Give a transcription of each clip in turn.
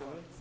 נכון.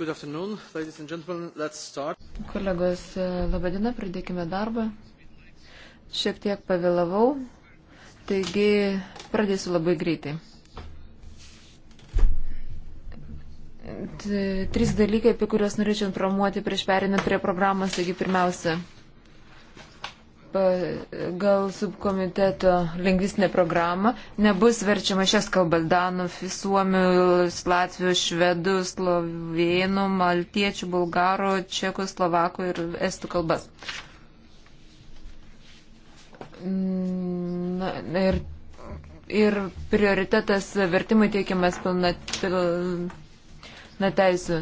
Good afternoon, ladies and gentlemen, let's start. Kolegos, e, labadiena, pradėkime darbą. Šiek tiek pavėlavau, taigi pradėsiu labai greitai. Trys dalykai, apie kuriuos norėčiau informuoti prieš perinant prie programos, taigi pirmiausia, pagal subkomiteto lingvistinę programą nebus verčiama šias kalbas danų, suomių, latvių, švedų, slovėnų, maltiečių, bulgarų, čekų, slovakų ir estų kalbas. Na, ir, ir prioritetas vertimui teikiamas pilna, pilna teisų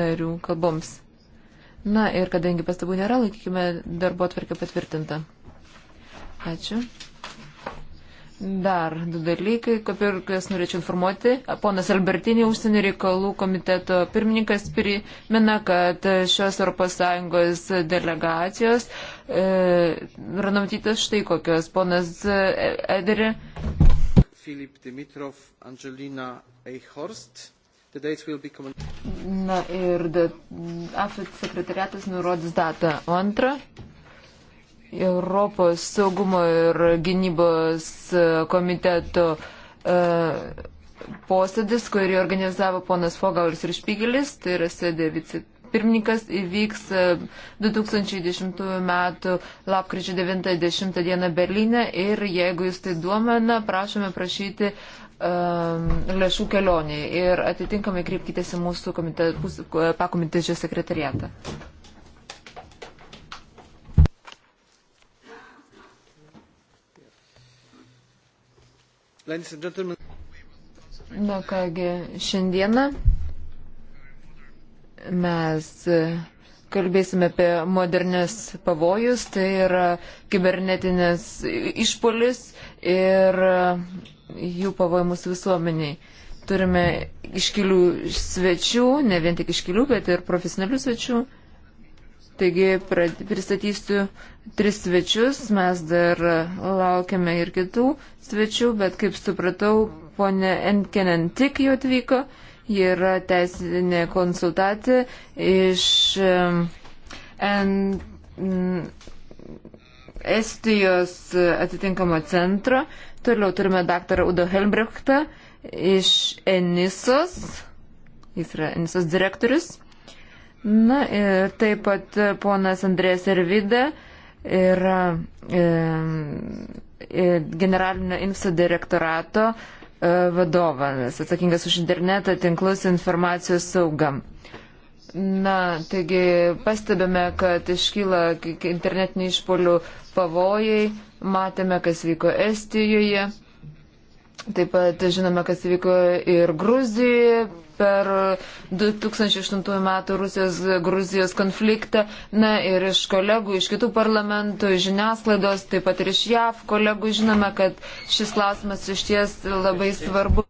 narių kalboms. Na ir kadangi pastabų nėra, laikykime darbo atvarkę patvirtintą. Ačiū. Dar du dalykai, kaip ir kas norėčiau informuoti. Ponas Albertinė, užsienio reikalų komiteto pirmininkas, primena, kad šios ES delegacijos e, yra numatytas štai kokios. Ponas Ederi. Filip Dimitrov, Angelina Eichhorst. Na ir AFIT sekretariatas nurodys datą antrą. Europos saugumo ir gynybos e, komiteto uh, posėdis, kurį organizavo ponas Fogaulis ir Špygelis, tai yra sėdė vicepirmininkas, įvyks 2010 e, m. lapkričio 90 d. Berlyne ir jeigu jūs tai duomena, prašome prašyti uh, Um, lėšų kelionį ir atitinkamai kreipkite į mūsų pakomitečio sekretariatą. Na kągi, šiandieną mes kalbėsime apie modernės pavojus, tai yra kibernetinės išpolis ir jų pavojimus visuomeniai. Turime iškilių svečių, ne vien tik iškilių, bet ir profesionalių svečių. Taigi pristatysiu tris svečius, mes dar laukiame ir kitų svečių, bet kaip supratau, ponė Enkenen tik jau atvyko. Ji yra teisinė konsultacija iš N... Mm, Estijos atitinkamo centro. Toliau turime daktarą Udo Helmbrechtą iš Enisos. Jis yra Enisos direktorius. Na ir taip pat ponas Andrės Ervida yra e, generalinio info direktorato e, E, vadovas, atsakingas už internetą, tinklus, informacijos saugam. Na, taigi pastebėme, kad iškyla internetinių išpolių pavojai, matėme, kas vyko Estijoje. Taip pat žinome, kas įvyko ir Gruzijoje per 2008 metų Rusijos-Gruzijos konfliktą. Na ir iš kolegų, iš kitų parlamentų, iš žiniasklaidos, taip pat ir iš JAV kolegų žinome, kad šis klausimas iš ties labai svarbu.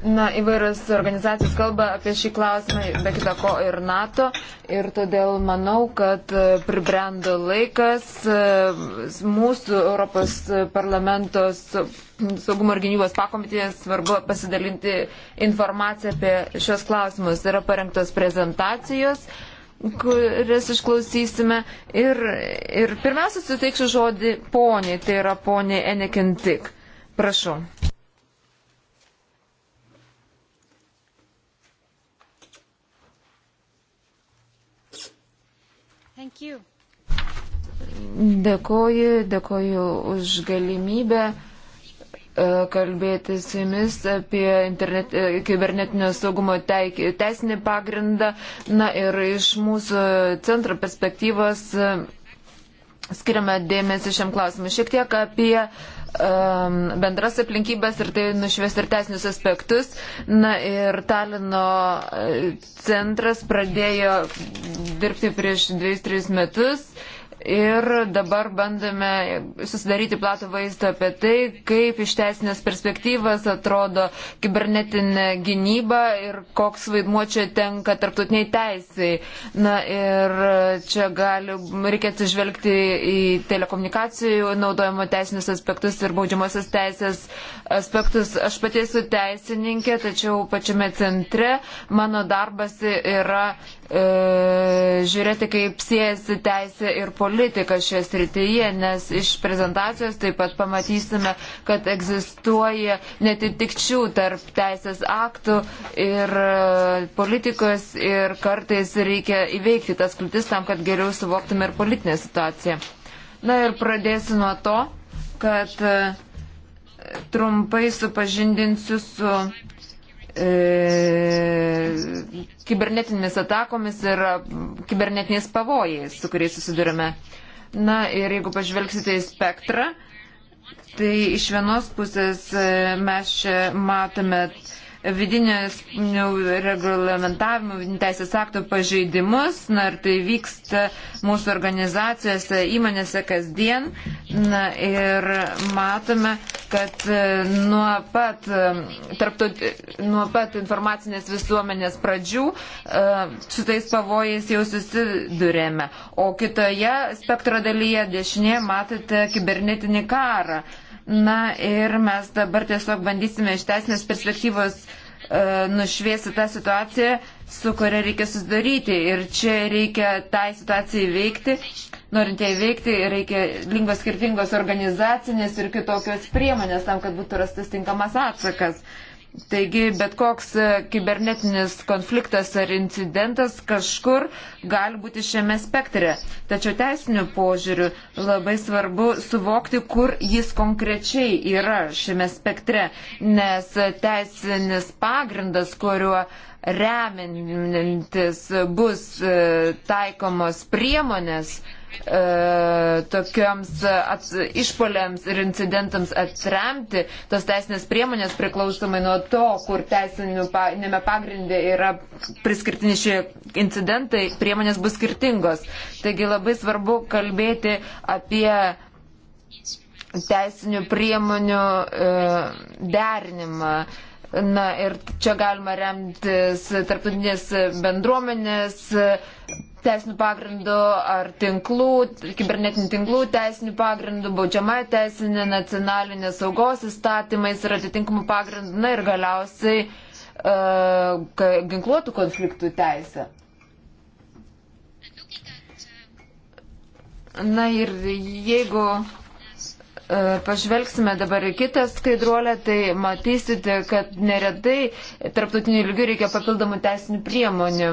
Na, įvairios organizacijos kalba apie šį klausimą, be kita ko ir NATO. Ir todėl manau, kad e, pribrendo laikas e, mūsų Europos parlamento saugumo ir gynybos pakomitės svarbu pasidalinti informaciją apie šios klausimus. Yra parengtos prezentacijos kurias išklausysime. Ir, ir pirmiausia, suteiksiu žodį poniai, tai yra poniai Enekintik. Prašau. Dėkoju, dėkoju už galimybę e, kalbėti su jumis apie internet, e, kibernetinio saugumo teisinį pagrindą. Na ir iš mūsų centro perspektyvos e, skiriame dėmesį šiam klausimui. Šiek tiek apie uh, Um, bendras aplinkybės ir tai nušvies ir teisinius aspektus. Na ir Talino uh, centras pradėjo dirbti prieš 2-3 metus. Ir dabar bandome susidaryti platų vaizdą apie tai, kaip iš teisinės perspektyvas atrodo kibernetinė gynyba ir koks vaidmuo čia tenka tarptautiniai teisai. Na ir čia gali, reikia atsižvelgti į telekomunikacijų naudojimo teisinius aspektus ir baudžiamosios teisės aspektus. Aš pati esu teisininkė, tačiau pačiame centre mano darbas yra e, žiūrėti, kaip siejasi teisė ir politika politiką šioje srityje, nes iš prezentacijos taip pat pamatysime, kad egzistuoja netitikčių tarp teisės aktų ir e, politikos ir kartais reikia įveikti tas kliūtis tam, kad geriau suvoktume ir politinę situaciją. Na ir pradėsiu nuo to, kad e, trumpai supažindinsiu su e, kibernetinėmis atakomis ir kibernetiniais pavojais, su kuriais susidurime. Na ir jeigu pažvelgsite į spektrą, tai iš vienos pusės e, mes čia matome vidinės nu, reglamentavimo, teisės aktų pažeidimus. Na ir tai vyksta mūsų organizacijose, įmonėse kasdien. Na ir matome, kad e, nuo pat, e, tarptaut, e, nuo pat informacinės visuomenės pradžių su tais pavojais jau susidurėme. O kitoje spektro dalyje dešinėje matote kibernetinį karą. Na ir mes dabar tiesiog bandysime iš teisinės perspektyvos e, nušviesti tą situaciją, su kuria reikia susidaryti. Ir čia reikia tą tai situaciją įveikti. Norint ją įveikti, reikia lingvos skirtingos organizacinės ir kitokios priemonės tam, kad būtų rastas tinkamas atsakas. E, Taigi bet koks e, kibernetinis konfliktas ar incidentas kažkur gali būti šiame spektre. Tačiau teisiniu požiūriu labai svarbu suvokti, kur jis konkrečiai yra šiame spektre, nes teisinis pagrindas, kuriuo remintis bus e, taikomos priemonės, E, tokiams išpoliams ir incidentams atremti, tos teisinės priemonės priklausomai nuo to, kur teisinėme pagrindė yra priskirtini šie incidentai, priemonės bus skirtingos. Taigi labai svarbu kalbėti apie teisinių priemonių e, derinimą. Na ir čia galima remtis tarptautinės bendruomenės teisinių pagrindų ar tinklų, kibernetinių tinklų teisinių pagrindų, baudžiamąją teisinę, nacionalinės saugos įstatymais ir atitinkamų pagrindų, na ir galiausiai uh, ginkluotų konfliktų teisę. Na ir jeigu e, pažvelgsime dabar į kitą skaidruolę, tai matysite, kad neretai tarptautinių lygių reikia papildomų teisinių priemonių.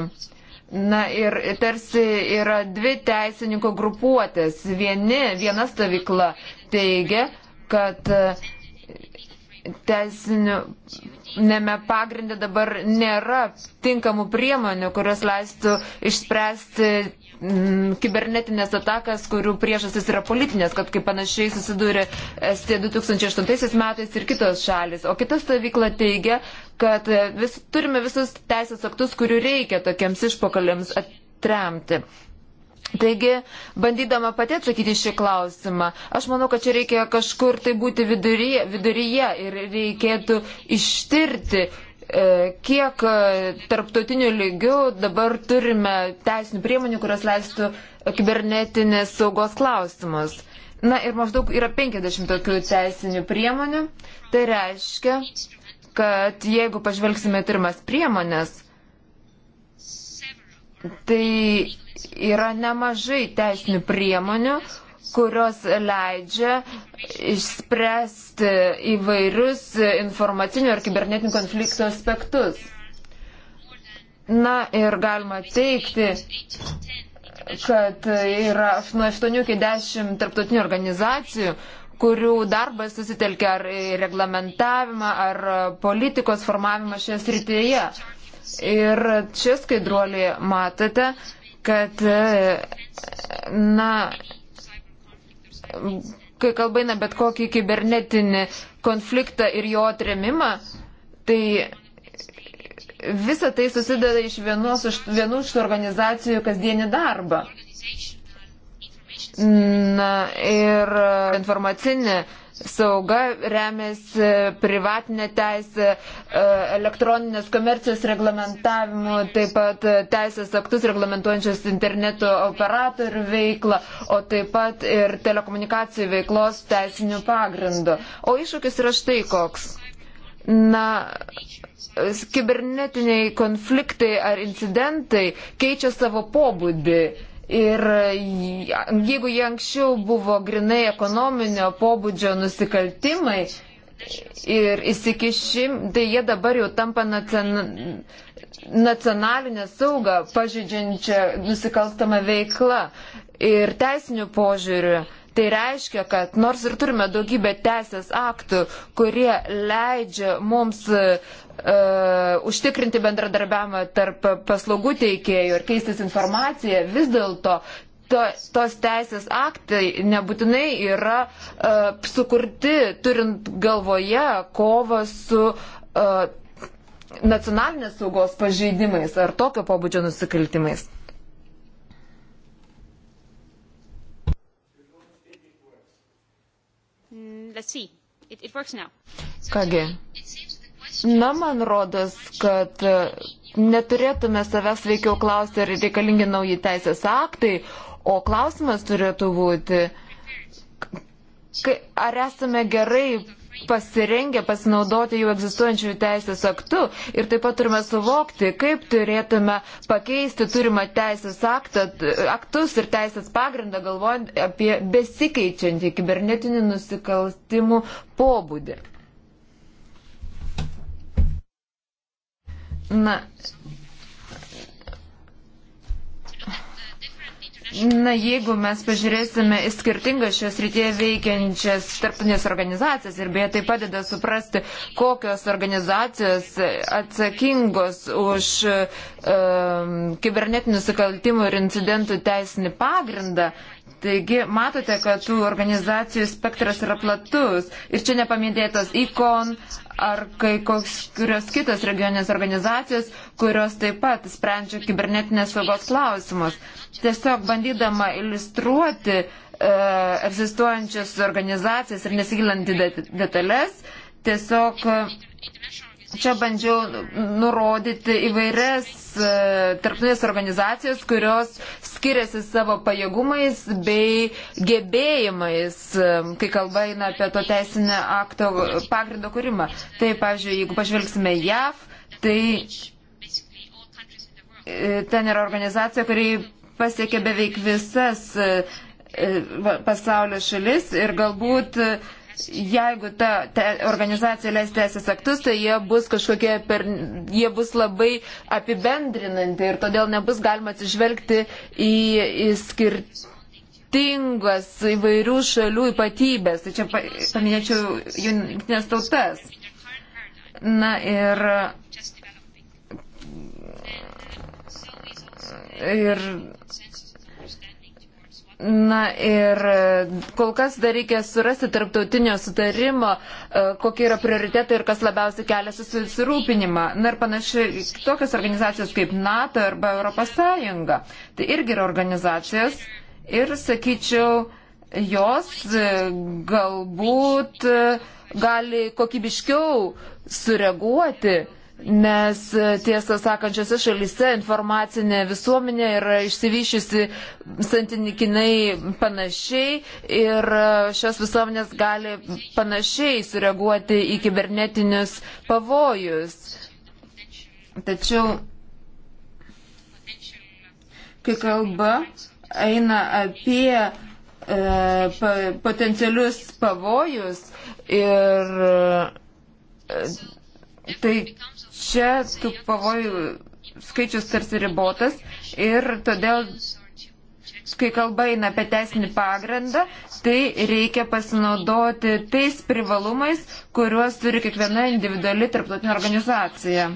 Na ir tarsi yra dvi teisininko grupuotės. Vieni, viena stovykla teigia, kad e, teisinėme pagrindė dabar nėra tinkamų priemonių, kurios leistų išspręsti kibernetinės atakas, kurių priežastis yra politinės, kad kaip panašiai susidūrė ST 2008 metais ir kitos šalis. O kita stovykla teigia, kad vis, turime visus teisės aktus, kurių reikia tokiems išpokaliams atremti. Taigi, bandydama pati atsakyti šį klausimą, aš manau, kad čia reikia kažkur tai būti viduryje, viduryje ir reikėtų ištirti, e, kiek e, tarptautinių lygių dabar turime teisinių priemonių, kurios leistų kibernetinės saugos klausimus. Na ir maždaug yra 50 tokių teisinių priemonių. Tai reiškia, kad jeigu pažvelgsime turimas priemonės, tai yra nemažai teisinių priemonių, kurios leidžia išspręsti įvairius informacinių ar kibernetinių konfliktų aspektus. Na ir galima teikti, kad yra nuo 8 iki 10 tarptautinių organizacijų, kurių darbas susitelkia ar reglamentavimą, ar politikos formavimą šioje srityje. Ir čia skaidruolį matote, kad, na, kai kalba eina bet kokį kibernetinį konfliktą ir jo atremimą, tai visa tai susideda iš vienos, vienų iš organizacijų kasdienį darbą. Na ir e, informacinė sauga remiasi privatinė teisė, e, elektroninės komercijos reglamentavimu, taip pat e, teisės aktus reglamentuojančios interneto operatorių veiklą, o taip pat ir telekomunikacijų veiklos teisinių pagrindų. O iššūkis yra štai koks. Na, kibernetiniai konfliktai ar incidentai keičia savo pobūdį Ir jeigu jie anksčiau buvo grinai ekonominio pobūdžio nusikaltimai ir įsikišim, tai jie dabar jau tampa nacion... nacionalinę saugą pažydžiančią nusikalstamą veiklą. Ir teisinių požiūrių Tai reiškia, kad nors ir turime daugybę teisės aktų, kurie leidžia mums E, užtikrinti bendradarbiavimą tarp paslaugų teikėjų ir keistis informaciją, vis dėlto to, tos teisės aktai nebūtinai yra uh, sukurti turint galvoje kovą su uh, nacionalinės saugos pažeidimais ar tokio pobūdžio nusikaltimais. Mm, Kągi, Na, man rodos, kad e, neturėtume savęs veikiau klausti, ar reikalingi nauji teisės aktai, o klausimas turėtų būti, ar esame gerai pasirengę pasinaudoti jau egzistuojančių teisės aktų ir taip pat turime suvokti, kaip turėtume pakeisti turimą teisės aktą, aktus ir teisės pagrindą, galvojant apie besikeičiantį kibernetinį nusikaltimų pobūdį. Na, Na, jeigu mes pažiūrėsime į skirtingas šios rytėje veikiančias tarptautinės organizacijas ir beje tai padeda suprasti, kokios organizacijos atsakingos už um, kibernetinių nusikaltimų ir incidentų teisinį pagrindą, Taigi matote, kad tų organizacijų spektras yra platus ir čia nepamėdėtas ikon ar kai koks, kurios kitos regioninės organizacijos, kurios taip pat sprendžia kibernetinės saugos klausimus. Tiesiog bandydama iliustruoti e, egzistuojančias organizacijas ir nesigilant į detalės, tiesiog Čia bandžiau nurodyti įvairias e, tarptautinės organizacijos, kurios skiriasi savo pajėgumais bei gebėjimais, e, kai kalba eina apie to teisinę akto pagrindo kūrimą. Tai, pavyzdžiui, jeigu pažvelgsime JAV, tai e, ten yra organizacija, kuri pasiekė beveik visas pasaulio šalis ir galbūt uh, jeigu ta, ta organizacija leis teisės aktus, tai jie bus kažkokie, per, jie bus labai apibendrinanti ir todėl nebus galima atsižvelgti į, į skirtingas įvairių šalių ypatybės. Tai čia paminėčiau jungtinės tautas. Na ir. Ir Na ir e, kol kas dar reikia surasti tarptautinio sutarimo, e, kokie yra prioritetai ir kas labiausiai kelia susirūpinimą. Na ir panašiai tokios organizacijos kaip NATO arba Europos Sąjunga. Tai irgi yra organizacijos ir, sakyčiau, jos e, galbūt gali kokybiškiau sureaguoti nes e, tiesą sakant, šiose šalyse informacinė visuomenė yra išsivyšiusi santykinai panašiai ir e, šios visuomenės gali panašiai sureaguoti į kibernetinius pavojus. Tačiau, kai kalba eina apie e, pa, potencialius pavojus ir e, tai čia tų pavojų skaičius tarsi ribotas ir todėl, kai kalba eina apie teisinį pagrindą, tai reikia pasinaudoti tais privalumais, kuriuos turi kiekviena individuali tarptautinė organizacija.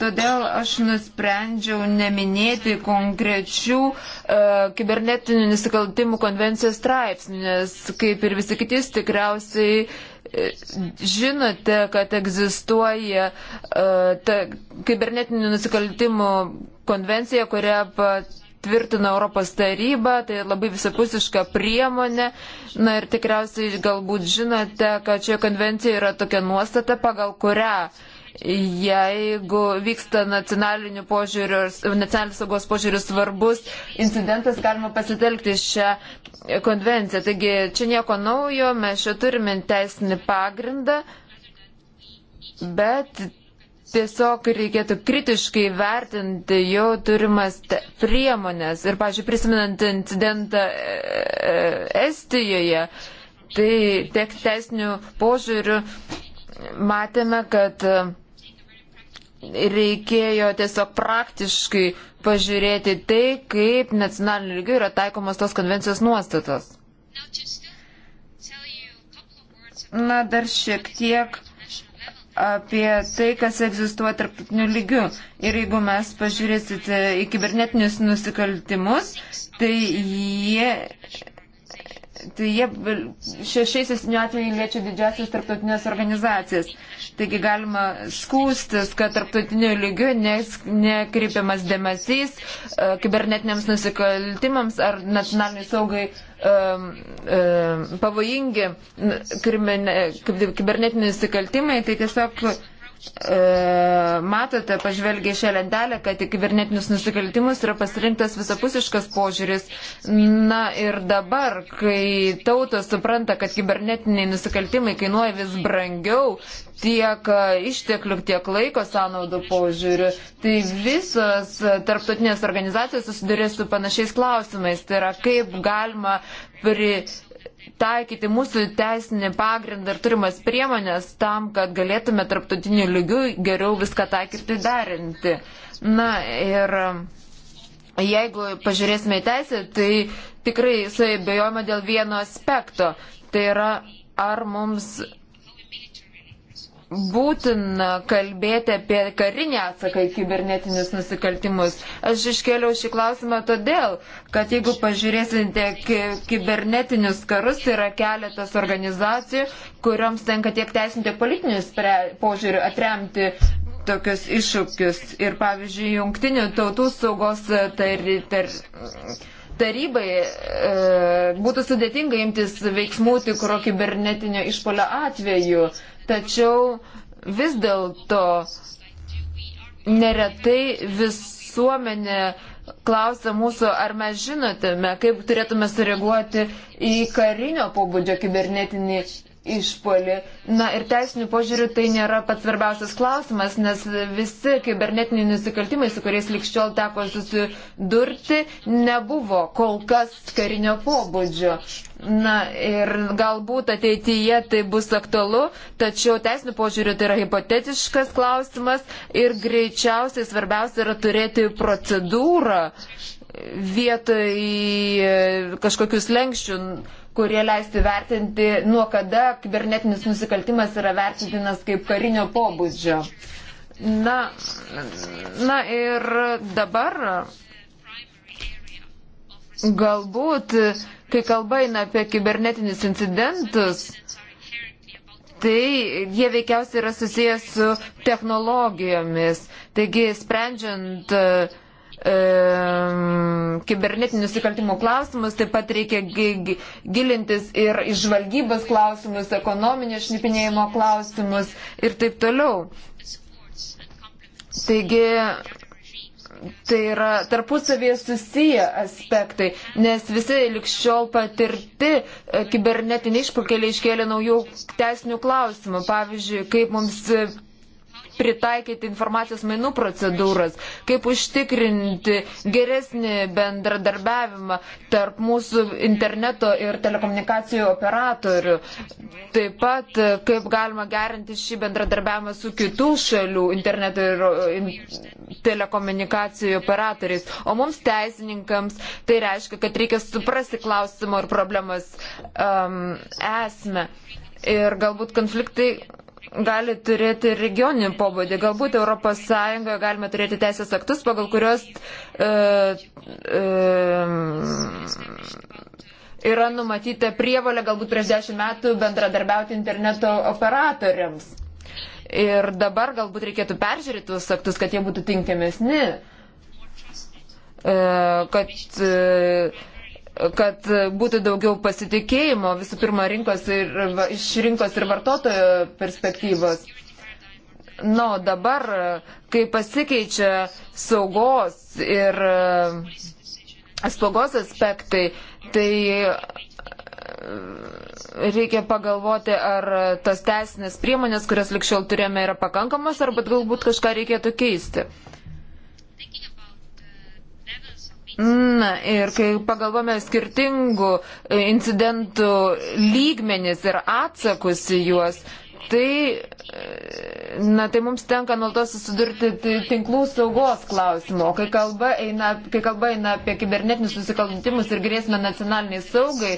Todėl aš nusprendžiau neminėti konkrečių e, kibernetinių nusikaltimų konvencijos straipsnių, nes kaip ir visi kitis tikriausiai žinote, kad egzistuoja uh, kibernetinių nusikaltimų konvencija, kurią tvirtina Europos taryba, tai labai visapusiška priemonė. Na ir tikriausiai galbūt žinote, kad šioje konvencijoje yra tokia nuostata, pagal kurią uh, jeigu vyksta nacionalinių požiūrių, nacionalinės saugos požiūrių svarbus incidentas, galima pasitelkti šią konvenciją. Taigi čia nieko naujo, mes čia turime teisinį pagrindą, bet tiesiog reikėtų kritiškai vertinti jau turimas priemonės. Ir, pažiūrėjau, prisimenant incidentą e, e, Estijoje, tai tiek teisinių požiūrių matėme, kad reikėjo tiesiog praktiškai pažiūrėti tai, kaip nacionaliniu lygiu yra taikomas tos konvencijos nuostatos. Na, dar šiek tiek apie tai, kas egzistuoja tarptautiniu lygiu. Ir jeigu mes pažiūrėsite į kibernetinius nusikaltimus, tai jie Tai jie šešiaisiais atveju liečia didžiasias tarptautinės organizacijas. Taigi galima skūstis, kad tarptautiniu lygiu nekreipiamas dėmesys e, kibernetiniams nusikaltimams ar nacionaliniai saugai um, um, pavojingi kibernetiniai nusikaltimai. Tai tiesiog E, matote, pažvelgiai šią lentelę, kad į kibernetinius nusikaltimus yra pasirinktas visapusiškas požiūris. Na ir dabar, kai tautos supranta, kad kibernetiniai nusikaltimai kainuoja vis brangiau tiek išteklių, tiek laiko sąnaudų požiūrių, tai visos tarptautinės organizacijos susidurė su panašiais klausimais. Tai yra, kaip galima pri taikyti mūsų teisinį pagrindą ir turimas priemonės tam, kad galėtume tarptautiniu lygiu geriau viską taikyti derinti. Na ir e, jeigu pažiūrėsime į teisę, tai tikrai suabejojama dėl vieno aspekto. Tai yra, ar mums būtina kalbėti apie karinį atsaką į kibernetinius nusikaltimus. Aš iškėliau šį klausimą todėl, kad jeigu pažiūrėsite kibernetinius karus, tai yra keletas organizacijų, kuriuoms tenka tiek teisinti politinius požiūrį atremti tokius iššūkius. Ir pavyzdžiui, jungtinių tautų saugos tar, tar, tarybai e, būtų sudėtinga imtis veiksmų tikro kibernetinio išpolio atveju. E, tačiau vis dėlto neretai visuomenė klausia mūsų, ar mes žinotume, kaip turėtume sureaguoti į karinio pobūdžio kibernetinį išpolį. Na ir teisinių požiūrių tai nėra pats svarbiausias klausimas, nes visi kibernetiniai nusikaltimai, su kuriais likščiol teko susidurti, nebuvo kol kas karinio pobūdžio. Na ir galbūt ateityje tai bus aktualu, tačiau teisinių požiūrių tai yra hipotetiškas klausimas ir greičiausiai svarbiausia yra turėti procedūrą vietoj kažkokius lenkščių kurie leistų vertinti, nuo kada kibernetinis nusikaltimas yra vertintinas kaip karinio pobūdžio. Na, na ir dabar galbūt, kai kalba eina apie kibernetinius incidentus, tai jie veikiausiai yra susijęs su technologijomis. Taigi, sprendžiant uh, Ehm, kibernetinių nusikaltimų klausimus, taip pat reikia gilintis ir žvalgybos klausimus, ekonominio šnipinėjimo klausimus ir taip toliau. Taigi, tai yra tarpusavėje susiję aspektai, nes visi likščiol patirti e, kibernetiniai išpukeliai iškėlė naujų teisinių klausimų. Pavyzdžiui, kaip mums pritaikyti informacijos mainų procedūras, kaip užtikrinti geresnį bendradarbiavimą tarp mūsų interneto ir telekomunikacijų operatorių. Taip pat, kaip galima gerinti šį bendradarbiavimą su kitų šalių interneto ir telekomunikacijų operatoriais. O mums teisininkams tai reiškia, kad reikia suprasti klausimo ir problemas um, esmę. Ir galbūt konfliktai gali turėti regioninį pobūdį. Galbūt ES galime turėti teisės aktus, pagal kurios e, e, yra numatyta prievalė galbūt prieš dešimt metų bendradarbiauti interneto operatoriams. Ir dabar galbūt reikėtų peržiūrėti tuos aktus, kad jie būtų tinkamesni. E, kad e, kad būtų daugiau pasitikėjimo visų pirma rinkos ir, iš rinkos ir vartotojo perspektyvos. Na, nu, dabar, kai pasikeičia saugos ir e, slaugos aspektai, tai e, reikia pagalvoti, ar tas teisinės priemonės, kurias likščiau turėjome, yra pakankamos, arba galbūt kažką reikėtų keisti. Na ir kai pagalvome skirtingų e, incidentų lygmenis ir atsakus į juos, tai, e, na, tai mums tenka nuolatos susidurti tinklų saugos klausimu. O kai kalba eina, kai kalba eina apie kibernetinius susikaltimus ir grėsmę nacionaliniai saugai,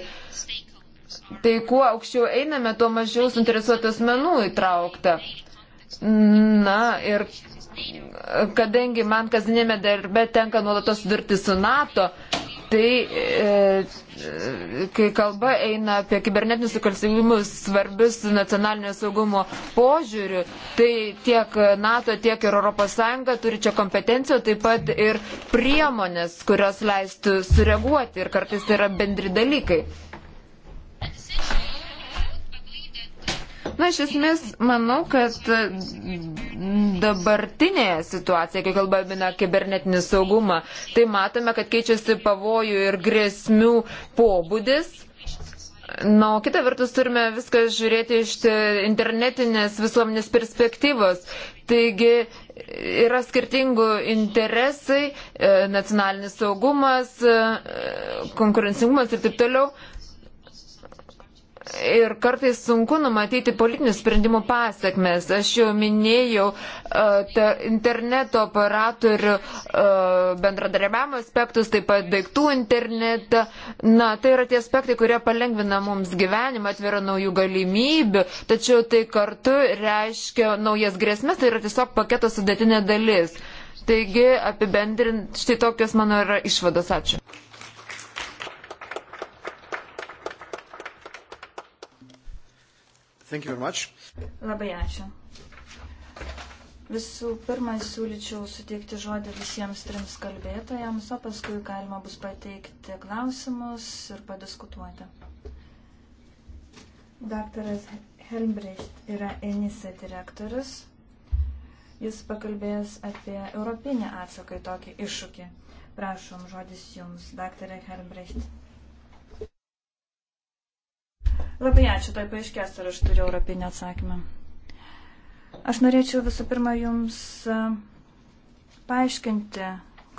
tai kuo aukščiau einame, tuo mažiau suinteresuotų asmenų įtraukta. Na ir kadangi man kasdienėme darbe tenka nuolatos sudurti su NATO, tai e, kai kalba eina apie kibernetinius nusikalstamumus svarbius nacionalinio saugumo požiūrių, tai tiek NATO, tiek ir ES turi čia kompetencijų, taip pat ir priemonės, kurios leistų sureaguoti ir kartais tai yra bendri dalykai. Na, iš esmės, manau, kad dabartinė situacija, kai kalbame apie kibernetinį saugumą, tai matome, kad keičiasi pavojų ir grėsmių pobūdis. Na, o kita vertus turime viską žiūrėti iš internetinės visuomenės perspektyvos. Taigi yra skirtingų interesai, e, nacionalinis saugumas, e, konkurencingumas ir taip toliau. Ir kartais sunku numatyti politinių sprendimų pasiekmes. Aš jau minėjau e, interneto operatorių e, bendradarbiavimo aspektus, taip pat daiktų internetą. Na, tai yra tie aspektai, kurie palengvina mums gyvenimą, atveria naujų galimybių, tačiau tai kartu reiškia naujas grėsmės, tai yra tiesiog paketo sudėtinė dalis. Taigi, apibendrint, štai tokios mano yra išvados. Ačiū. Thank you very much. Labai ačiū. Visų pirma, siūlyčiau suteikti žodį visiems trims kalbėtojams, o paskui galima bus pateikti klausimus ir padiskutuoti. Daktaras Helmbrecht yra ENISA direktorius. Jis pakalbės apie europinį atsaką į tokį iššūkį. Prašom, žodis jums, daktarė Helmbrecht. Labai ačiū, tai paaiškės, ar aš turiu europinį atsakymą. Aš norėčiau visų pirma Jums e, paaiškinti,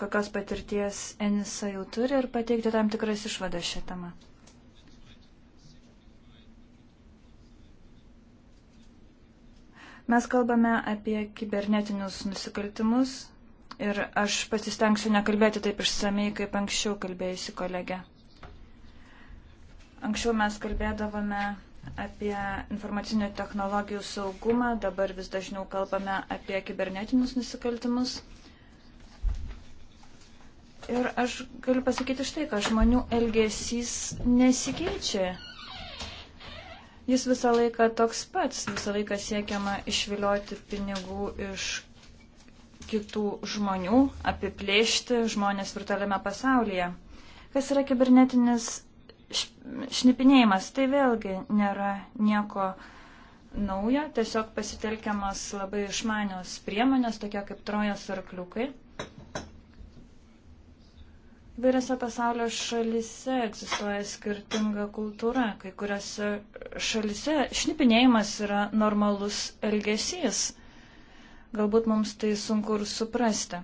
kokios patirties Enisa jau turi ir pateikti tam tikras išvadas šią temą. Mes kalbame apie kibernetinius nusikaltimus ir aš pasistengsiu nekalbėti taip išsamei, kaip anksčiau kalbėjusi kolegė. Anksčiau mes kalbėdavome apie informacinių technologijų saugumą, dabar vis dažniau kalbame apie kibernetinius nusikaltimus. Ir aš galiu pasakyti štai, kad žmonių elgesys nesikeičia. Jis visą laiką toks pats, visą laiką siekiama išvilioti pinigų iš kitų žmonių, apiplėšti žmonės virtualiame pasaulyje. Kas yra kibernetinis Šnipinėjimas tai vėlgi nėra nieko naujo, tiesiog pasitelkiamas labai išmanios priemonės, tokie kaip trojos arkliukai. Vairiose pasaulio šalise egzistuoja skirtinga kultūra. Kai kuriuose šalise šnipinėjimas yra normalus elgesys. Galbūt mums tai sunku ir suprasti.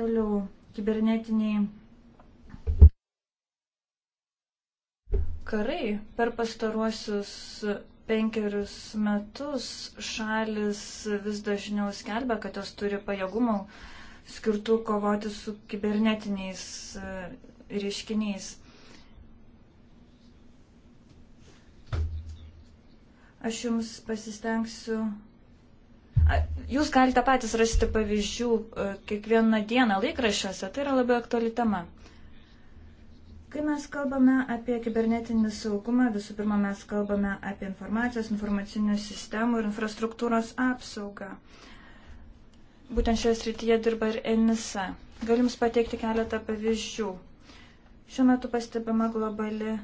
Toliau, kibernetiniai karai per pastaruosius penkerius metus šalis vis dažniau skelbia, kad jos turi pajėgumų skirtų kovoti su kibernetiniais e, reiškiniais. Aš jums pasistengsiu. Jūs galite patys rasti pavyzdžių e, kiekvieną dieną laikraščiuose, tai yra labai aktuali tema. Kai mes kalbame apie kibernetinį saugumą, visų pirma, mes kalbame apie informacijos, informacinių sistemų ir infrastruktūros apsaugą. Būtent šioje srityje dirba ir ENISA. Galim jums pateikti keletą pavyzdžių. Šiuo metu pastebima globali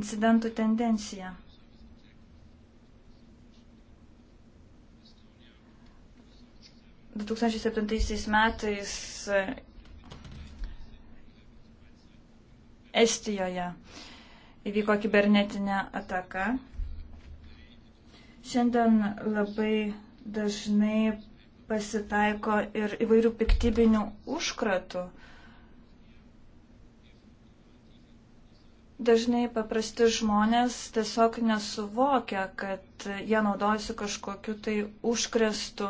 incidentų tendencija. Du 2007 metais Estijoje įvyko kibernetinė ataka. Šiandien labai dažnai pasitaiko ir įvairių piktybinių užkratų. Dažnai paprasti žmonės tiesiog nesuvokia, kad jie naudojasi kažkokiu tai užkrestu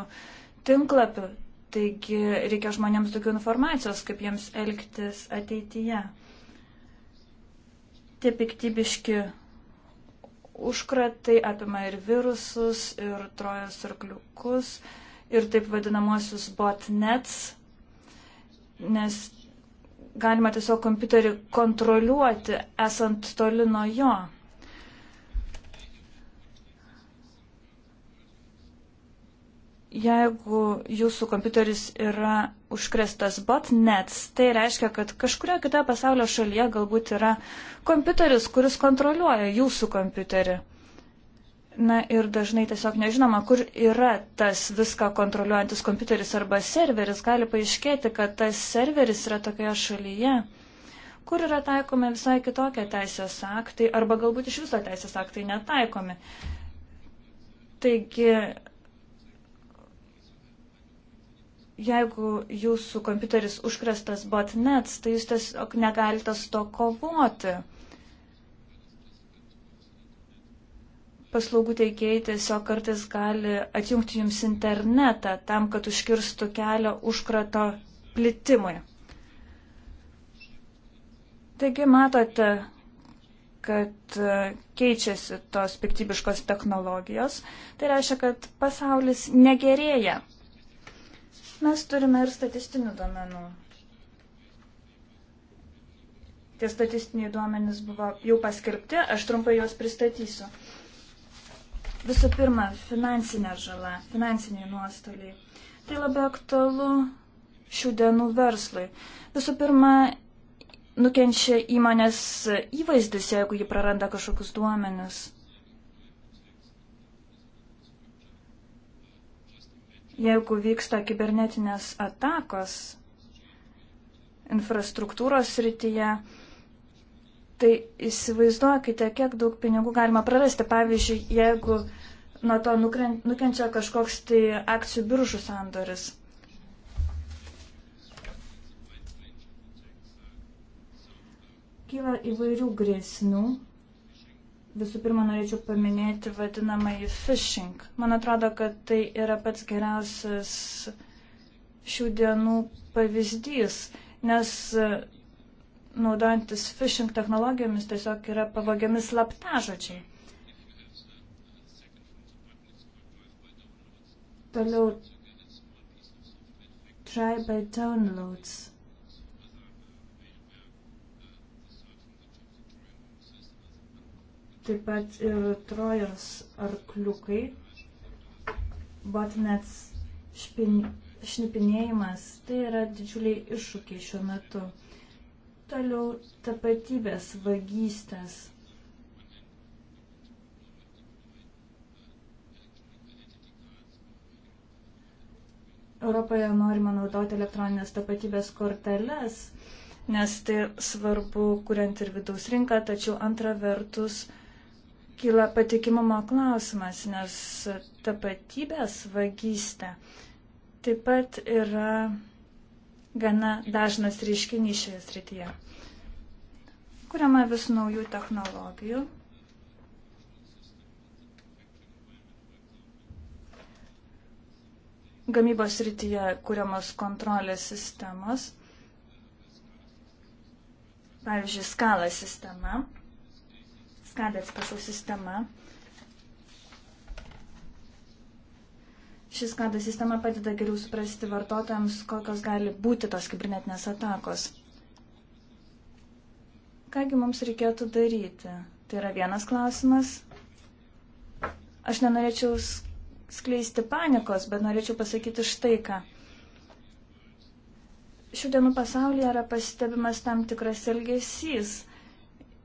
tinklapiu. Taigi reikia žmonėms daugiau informacijos, kaip jiems elgtis ateityje. Tie piktybiški užkratai apima ir virusus, ir trojos arkliukus, ir taip vadinamosius botnets, nes galima tiesiog kompiuterį kontroliuoti, esant toli nuo jo. Jeigu jūsų kompiuteris yra užkrestas botnets, tai reiškia, kad kažkurio kitoje pasaulio šalyje galbūt yra kompiuteris, kuris kontroliuoja jūsų kompiuterį. Na ir dažnai tiesiog nežinoma, kur yra tas viską kontroliuojantis kompiuteris arba serveris. Gali paaiškėti, kad tas serveris yra tokioje šalyje, kur yra taikomi visai kitokie teisės aktai arba galbūt iš viso teisės aktai netaikomi. Taigi jeigu jūsų kompiuteris užkrestas botnets, tai jūs tiesiog negalite su to kovoti. Paslaugų teikėjai tiesiog kartais gali atjungti jums internetą tam, kad užkirstų kelią užkrato plitimui. Taigi matote, kad e, keičiasi tos piktybiškos technologijos. Tai reiškia, kad pasaulis negerėja. Mes turime ir statistinių duomenų. Tie statistiniai duomenys buvo jau paskelbti, aš trumpai juos pristatysiu. Visų pirma, finansinė žala, finansiniai nuostoliai. Tai labai aktualu šių dienų verslui. Visų pirma, nukenčia įmonės įvaizdis, jeigu ji praranda kažkokius duomenis. Jeigu vyksta kibernetinės atakos infrastruktūros srityje, tai įsivaizduokite, kiek daug pinigų galima prarasti. Pavyzdžiui, jeigu nuo to nukenčia kažkoks tai akcijų biržų sandoris. Kyla įvairių grėsmių Visų pirma, norėčiau paminėti vadinamąjį phishing. Man atrodo, kad tai yra pats geriausias šių dienų pavyzdys, nes e, naudojantis phishing technologijomis tiesiog yra pavogiami slaptažodžiai. Toliau try by downloads. taip pat ir e, trojos arkliukai, botnets špin, šnipinėjimas, tai yra didžiuliai iššūkiai šiuo metu. Toliau tapatybės vagystės. Europoje norima naudoti elektroninės tapatybės korteles, nes tai svarbu, kuriant ir vidaus rinką, tačiau antra vertus, uh, kyla patikimumo klausimas, nes tapatybės vagystė taip pat yra gana dažnas reiškinys šioje srityje. Kuriama vis naujų technologijų. Gamybos srityje kuriamos kontrolės sistemos, pavyzdžiui, skala sistema skada, atsiprašau, sistema. Šis skada sistema padeda geriau suprasti vartotojams, kokios gali būti tos kibernetinės atakos. Kągi mums reikėtų daryti? Tai yra vienas klausimas. Aš nenorėčiau skleisti panikos, bet norėčiau pasakyti štai ką šių dienų pasaulyje yra pastebimas tam tikras elgesys.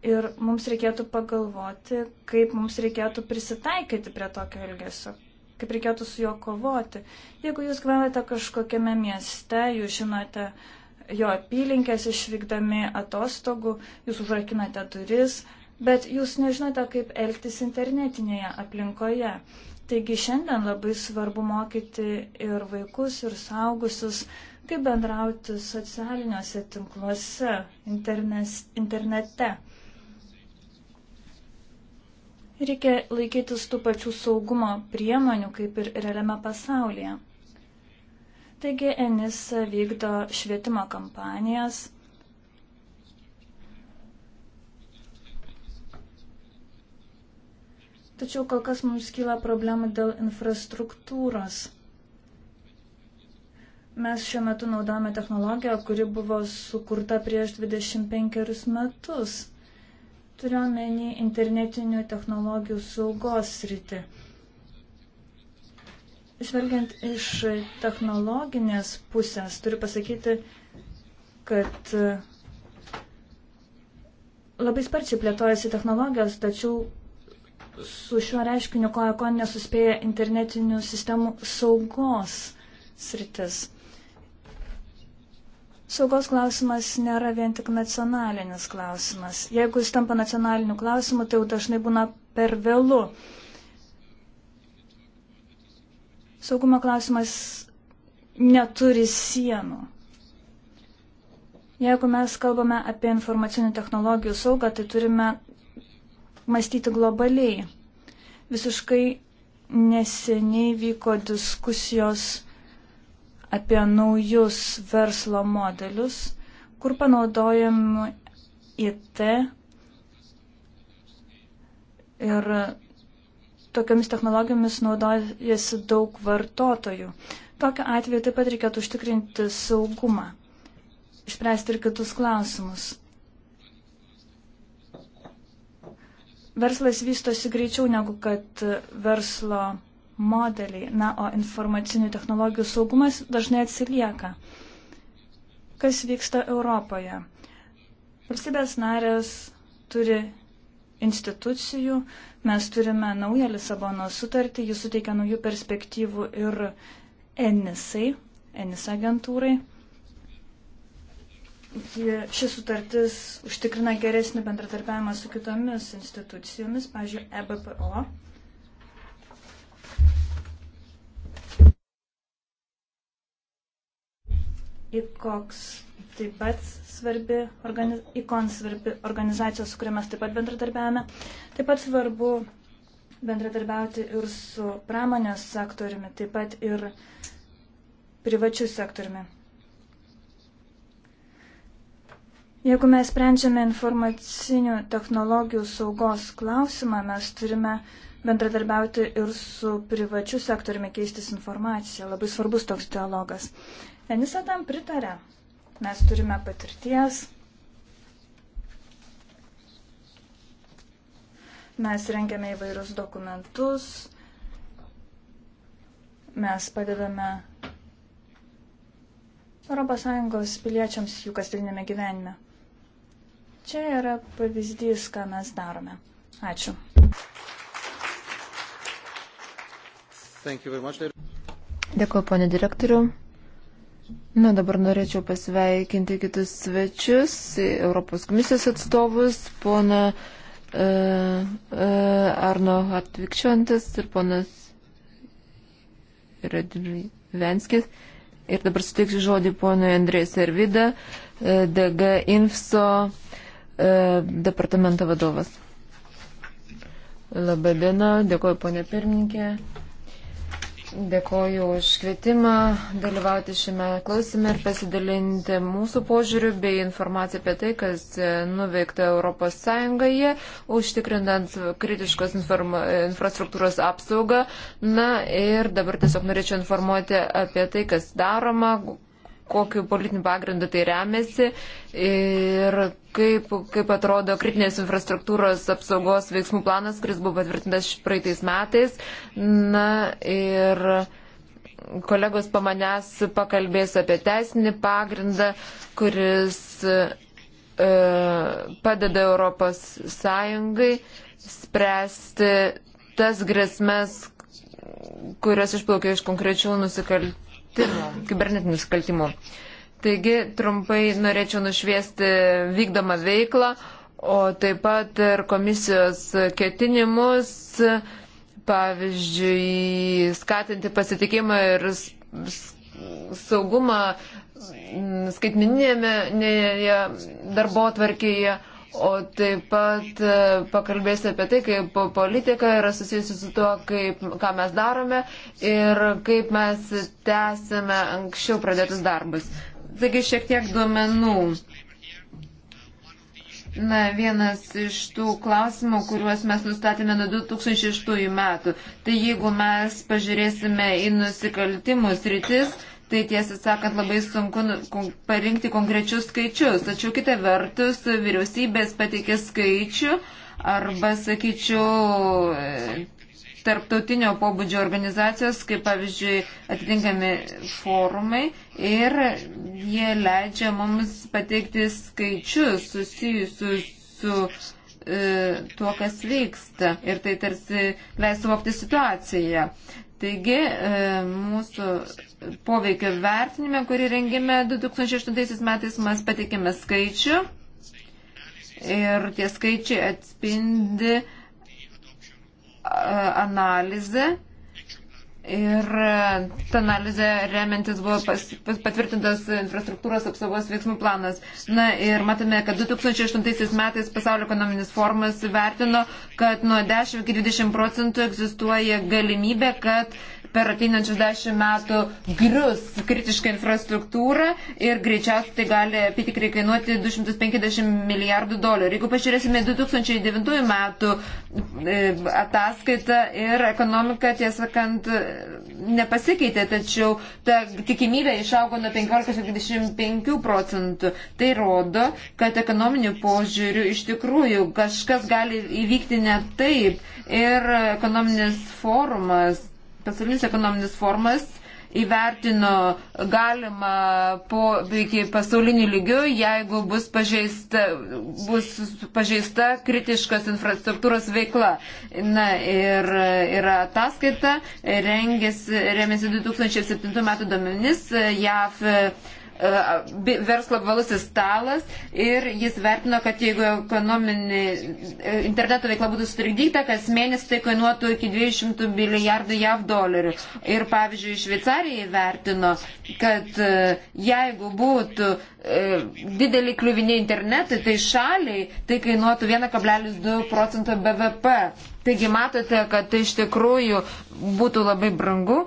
Ir mums reikėtų pagalvoti, kaip mums reikėtų prisitaikyti prie tokio elgesio, kaip reikėtų su juo kovoti. Jeigu jūs gyvenate kažkokiame mieste, jūs žinote jo apylinkės išvykdami atostogų, jūs užrakinate duris, bet jūs nežinote, kaip elgtis internetinėje aplinkoje. Taigi šiandien labai svarbu mokyti ir vaikus, ir saugusius, kaip bendrauti socialiniuose tinkluose, internes, internete. Reikia laikytis tų pačių saugumo priemonių kaip ir realiame pasaulyje. Taigi Enisa vykdo švietimo kampanijas. Tačiau kol kas mums kyla problemų dėl infrastruktūros mes šiuo metu naudojame technologiją, kuri buvo sukurta prieš 25 metus turiuomenį internetinių technologijų saugos sritį. Žvelgiant iš technologinės pusės, turiu pasakyti, kad e, labai sparčiai plėtojasi technologijos, tačiau su šiuo reiškiniu koja ko nesuspėja internetinių sistemų saugos sritis. Saugos klausimas nėra vien tik nacionalinis klausimas. Jeigu jis tampa nacionaliniu klausimu, tai jau dažnai būna per vėlu. Saugumo klausimas neturi sienų. Jeigu mes kalbame apie informacinių technologijų saugą, tai turime mąstyti globaliai. Visiškai neseniai vyko diskusijos apie naujus verslo modelius, kur panaudojam IT ir tokiamis technologijomis naudojasi daug vartotojų. Tokiu atveju taip pat reikėtų užtikrinti saugumą, išspręsti ir kitus klausimus. Verslas vystosi greičiau negu kad verslo modeliai. Na, o informacinių technologijų saugumas dažnai atsilieka. Kas vyksta Europoje? Valstybės narės turi institucijų, mes turime naują Lisabono sutartį, jis suteikia naujų perspektyvų ir ENISai, ENIS agentūrai. Ši sutartis užtikrina geresnį bendradarbiavimą su kitomis institucijomis, pavyzdžiui, EBPO ICOX taip pat svarbi, organiz, ICON svarbi organizacija, su kuria mes taip pat bendradarbiavame. Taip pat svarbu bendradarbiauti ir su pramonės sektoriumi, taip pat ir privačiu sektoriumi. Jeigu mes sprendžiame informacinių technologijų saugos klausimą, mes turime bendradarbiauti ir su privačiu sektoriumi keistis informaciją. Labai svarbus toks dialogas. Enisa tam pritarė. Mes turime patirties. Mes rengiame įvairius dokumentus. Mes padedame ES piliečiams jų kasdienėme gyvenime. Čia yra pavyzdys, ką mes darome. Ačiū. Dėkuoju, ponė direktoriu. Na dabar norėčiau pasveikinti kitus svečius, Europos komisijos atstovus, pona e, e, Arno Atvikščiantis ir ponas Radvenskis. Ir dabar suteiksiu žodį ponui Andrėjai Servida, e, DG Info e, departamento vadovas. Labadiena, dėkoju ponė pirmininkė. Dėkoju už kvietimą dalyvauti šiame klausime ir pasidalinti mūsų požiūriu bei informaciją apie tai, kas nuveikta ES, užtikrinant kritiškos informa, infrastruktūros apsaugą. Na ir dabar tiesiog norėčiau informuoti apie tai, kas daroma, kokiu politiniu pagrindu tai remiasi ir kaip, kaip atrodo kritinės infrastruktūros apsaugos veiksmų planas, kuris buvo patvirtintas praeitais metais. Na ir kolegos pamanęs pakalbės apie teisinį pagrindą, kuris e, padeda Europos Sąjungai spręsti tas grėsmes, kurios išplaukia iš konkrečių nusikaltimų kibernetinių nusikaltimų. Taigi trumpai norėčiau nušviesti vykdomą veiklą, o taip pat ir komisijos ketinimus, pavyzdžiui, skatinti pasitikimą ir saugumą skaitmininėme darbo atvarkėje. O taip pat e, pakalbėsiu apie tai, kaip politika yra susijusi su tuo, kaip, ką mes darome ir kaip mes tęsime anksčiau pradėtus darbus. Taigi šiek tiek duomenų. Na, vienas iš tų klausimų, kuriuos mes nustatėme nuo 2006 metų, tai jeigu mes pažiūrėsime į nusikaltimus rytis, tai tiesą sakant labai sunku nu, parinkti konkrečius skaičius. Tačiau kita vertus, vyriausybės pateikė skaičių arba, sakyčiau, e, tarptautinio pobūdžio organizacijos, kaip pavyzdžiui, atitinkami forumai ir jie leidžia mums pateikti skaičius susijusius su e, tuo, kas vyksta ir tai tarsi leis suvokti situaciją. Taigi e, mūsų poveikio vertinime, kurį rengėme 2008 metais, mes patikėme skaičių ir tie skaičiai atspindi analizę ir ta analizė remiantis buvo pas, pas, patvirtintas infrastruktūros apsaugos veiksmų planas. Na ir matome, kad 2008 metais pasaulio ekonominis formas vertino, kad nuo 10 iki 20 procentų egzistuoja galimybė, kad uh, per ateinančius dešimt metų grius kritišką infrastruktūrą ir greičiausiai tai gali apitikrai kainuoti 250 milijardų dolerių. Jeigu pažiūrėsime 2009 metų e, ataskaitą ir ekonomika, tiesąkant, nepasikeitė, tačiau ta tikimybė išaugo nuo 15 iki 25 procentų. Tai rodo, kad ekonominių požiūrių iš tikrųjų kažkas gali įvykti ne taip. Ir ekonominis forumas pasaulinis ekonominis formas įvertino galimą poveikį pasauliniu lygiu, jeigu bus pažeista, bus pažeista kritiškas infrastruktūros veikla. Na ir yra ataskaita, rengėsi, remiasi 2007 metų duomenis, JAF E, verslo apvalusis stalas ir jis vertino, kad jeigu ekonominė e, interneto veikla būtų sutrikdyta, kas mėnesį tai kainuotų iki 200 milijardų JAV dolerių. Ir pavyzdžiui, Šveicarija vertino, kad e, jeigu būtų didelį kliuvinį internetui, tai šaliai tai kainuotų 1,2 procento BVP. Taigi matote, kad tai iš tikrųjų būtų labai brangu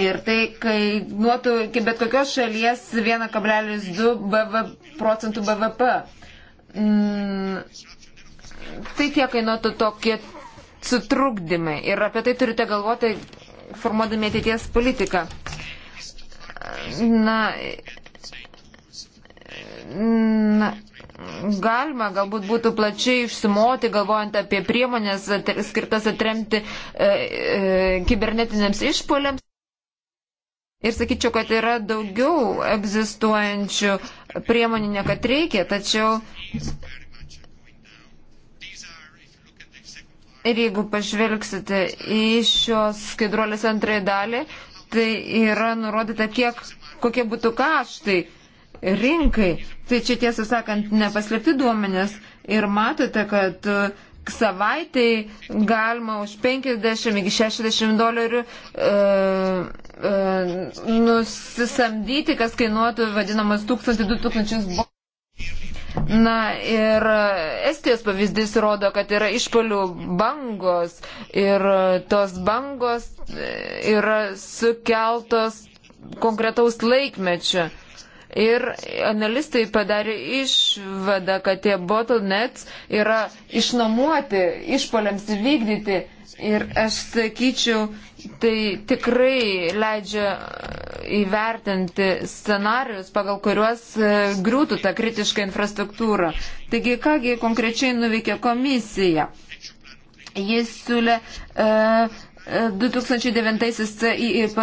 Ir tai kainuotų iki bet kokios šalies 1,2 BV, procentų BVP. Mm, tai tiek kainuotų tokie sutrukdymai. Ir apie tai turite galvoti, formuodami ateities politiką. Na, na, galima galbūt būtų plačiai išsimoti, galvojant apie priemonės skirtas atremti e, e, kibernetiniams išpoliams. Ir sakyčiau, kad yra daugiau egzistuojančių priemonių, ne kad reikia, tačiau. Ir jeigu pažvelgsite į šios skaidruolės antrąją dalį, tai yra nurodyta, kiek, kokie būtų kaštai rinkai. Tai čia tiesą sakant, nepaslėpti duomenės ir matote, kad uh, tik savaitai galima už 50 iki 60 dolerių e, e, nusisamdyti, kas kainuotų vadinamas 1000-2000 bokų. Na ir Estijos pavyzdys rodo, kad yra išpolių bangos ir tos bangos e, yra sukeltos konkretaus laikmečio. Ir analistai padarė išvadą, kad tie bottlenecks yra išnamuoti, išpoliams vykdyti. Ir aš sakyčiau, tai tikrai leidžia įvertinti scenarius, pagal kuriuos e, griūtų ta kritiška infrastruktūra. Taigi, kągi konkrečiai nuveikė komisija? Jis siūlė. Uh, e, 2009 IIP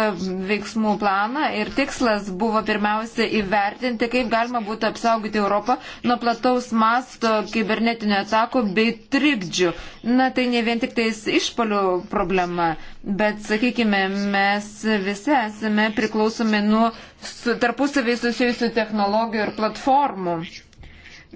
veiksmų planą ir tikslas buvo pirmiausia įvertinti, kaip galima būtų apsaugoti Europą nuo plataus masto kibernetinio atsako bei trikdžių. Na, tai ne vien tik tais išpolių problema, bet, sakykime, mes visi esame priklausomi nuo su, tarpusavį susijusių technologijų ir platformų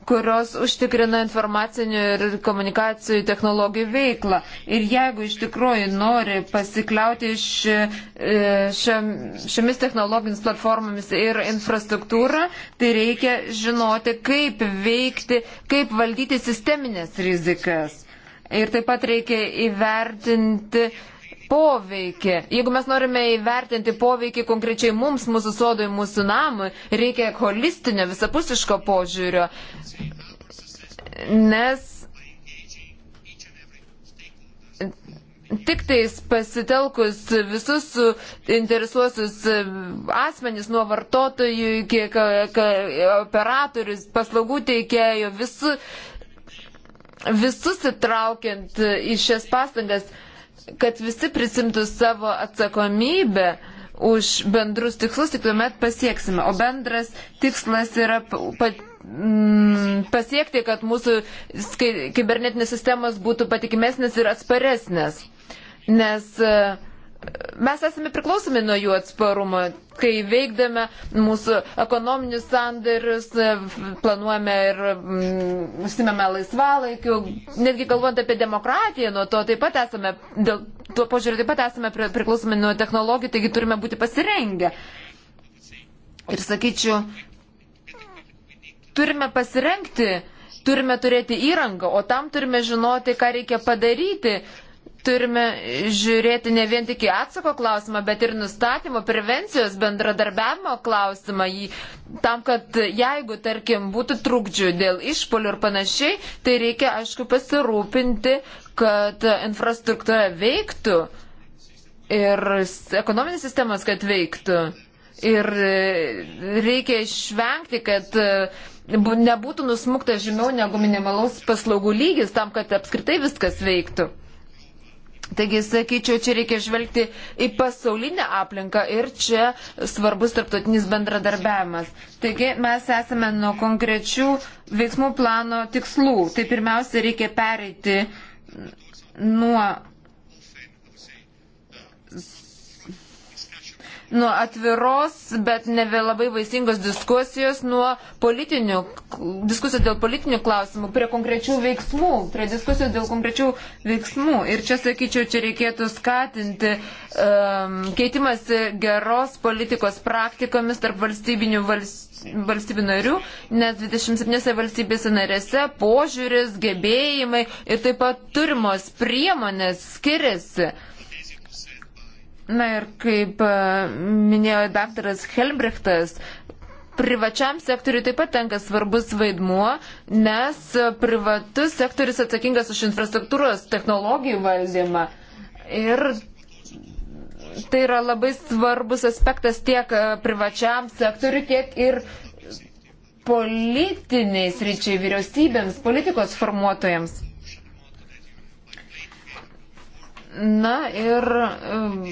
kurios užtikrina informacinių ir komunikacijų technologijų veiklą. Ir jeigu iš tikrųjų nori pasikliauti ši, e, šiomis technologinis platformomis ir infrastruktūrą, tai reikia žinoti, kaip veikti, kaip valdyti sisteminės rizikas. Ir taip pat reikia įvertinti poveikį. Jeigu mes norime įvertinti poveikį konkrečiai mums, mūsų sodui, mūsų namui, reikia holistinio, visapusiško požiūrio. Nes tik tais pasitelkus visus interesuosius asmenys nuo vartotojų iki operatorius, paslaugų teikėjo, visus, visus įtraukiant į šias pastangas kad visi prisimtų savo atsakomybę už bendrus tikslus, tik tuomet pasieksime. O bendras tikslas yra mm, pasiekti, kad mūsų kibernetinės sistemas būtų patikimesnės ir atsparesnės. Nes uh, mes esame priklausomi nuo jų atsparumo, kai veikdame mūsų ekonominius sandarius, planuojame ir mm, simame laisvalaikiu, netgi galvojant apie demokratiją, nuo to taip pat esame, dėl tuo požiūriu taip pat esame priklausomi nuo technologijų, taigi turime būti pasirengę. Ir sakyčiau, turime pasirengti turime turėti įrangą, o tam turime žinoti, ką reikia padaryti, turime žiūrėti ne vien tik į atsako klausimą, bet ir nustatymo, prevencijos, bendradarbiavimo klausimą, jį, tam, kad jeigu, tarkim, būtų trukdžių dėl išpolių ir panašiai, tai reikia, aišku, pasirūpinti, kad infrastruktūra veiktų ir ekonominės sistemas, kad veiktų. Ir reikia išvengti, kad e, nebūtų nusmukta žemiau negu minimalaus paslaugų lygis tam, kad apskritai viskas veiktų. Taigi, sakyčiau, čia reikia žvelgti į pasaulinę aplinką ir čia svarbus tarptautinis bendradarbiavimas. Taigi, mes esame nuo konkrečių veiksmų plano tikslų. Tai pirmiausia, reikia pereiti nuo nuo atviros, bet ne labai vaisingos diskusijos, nuo politinių, diskusijos dėl politinių klausimų, prie konkrečių veiksmų, prie diskusijos dėl konkrečių veiksmų. Ir čia, sakyčiau, čia reikėtų skatinti um, keitimas geros politikos praktikomis tarp valstybinių valstybių valstybių narių, nes 27 valstybėse narėse požiūris, gebėjimai ir taip pat turimos priemonės skiriasi. Uh, Na ir kaip e, minėjo daktaras Helmbrechtas, privačiam sektoriui taip pat tenka svarbus vaidmuo, nes privatus sektorius atsakingas už infrastruktūros technologijų valdymą. Ir tai yra labai svarbus aspektas tiek e, privačiam sektoriui, tiek ir politiniais ryčiai vyriausybėms, politikos formuotojams. Na ir um,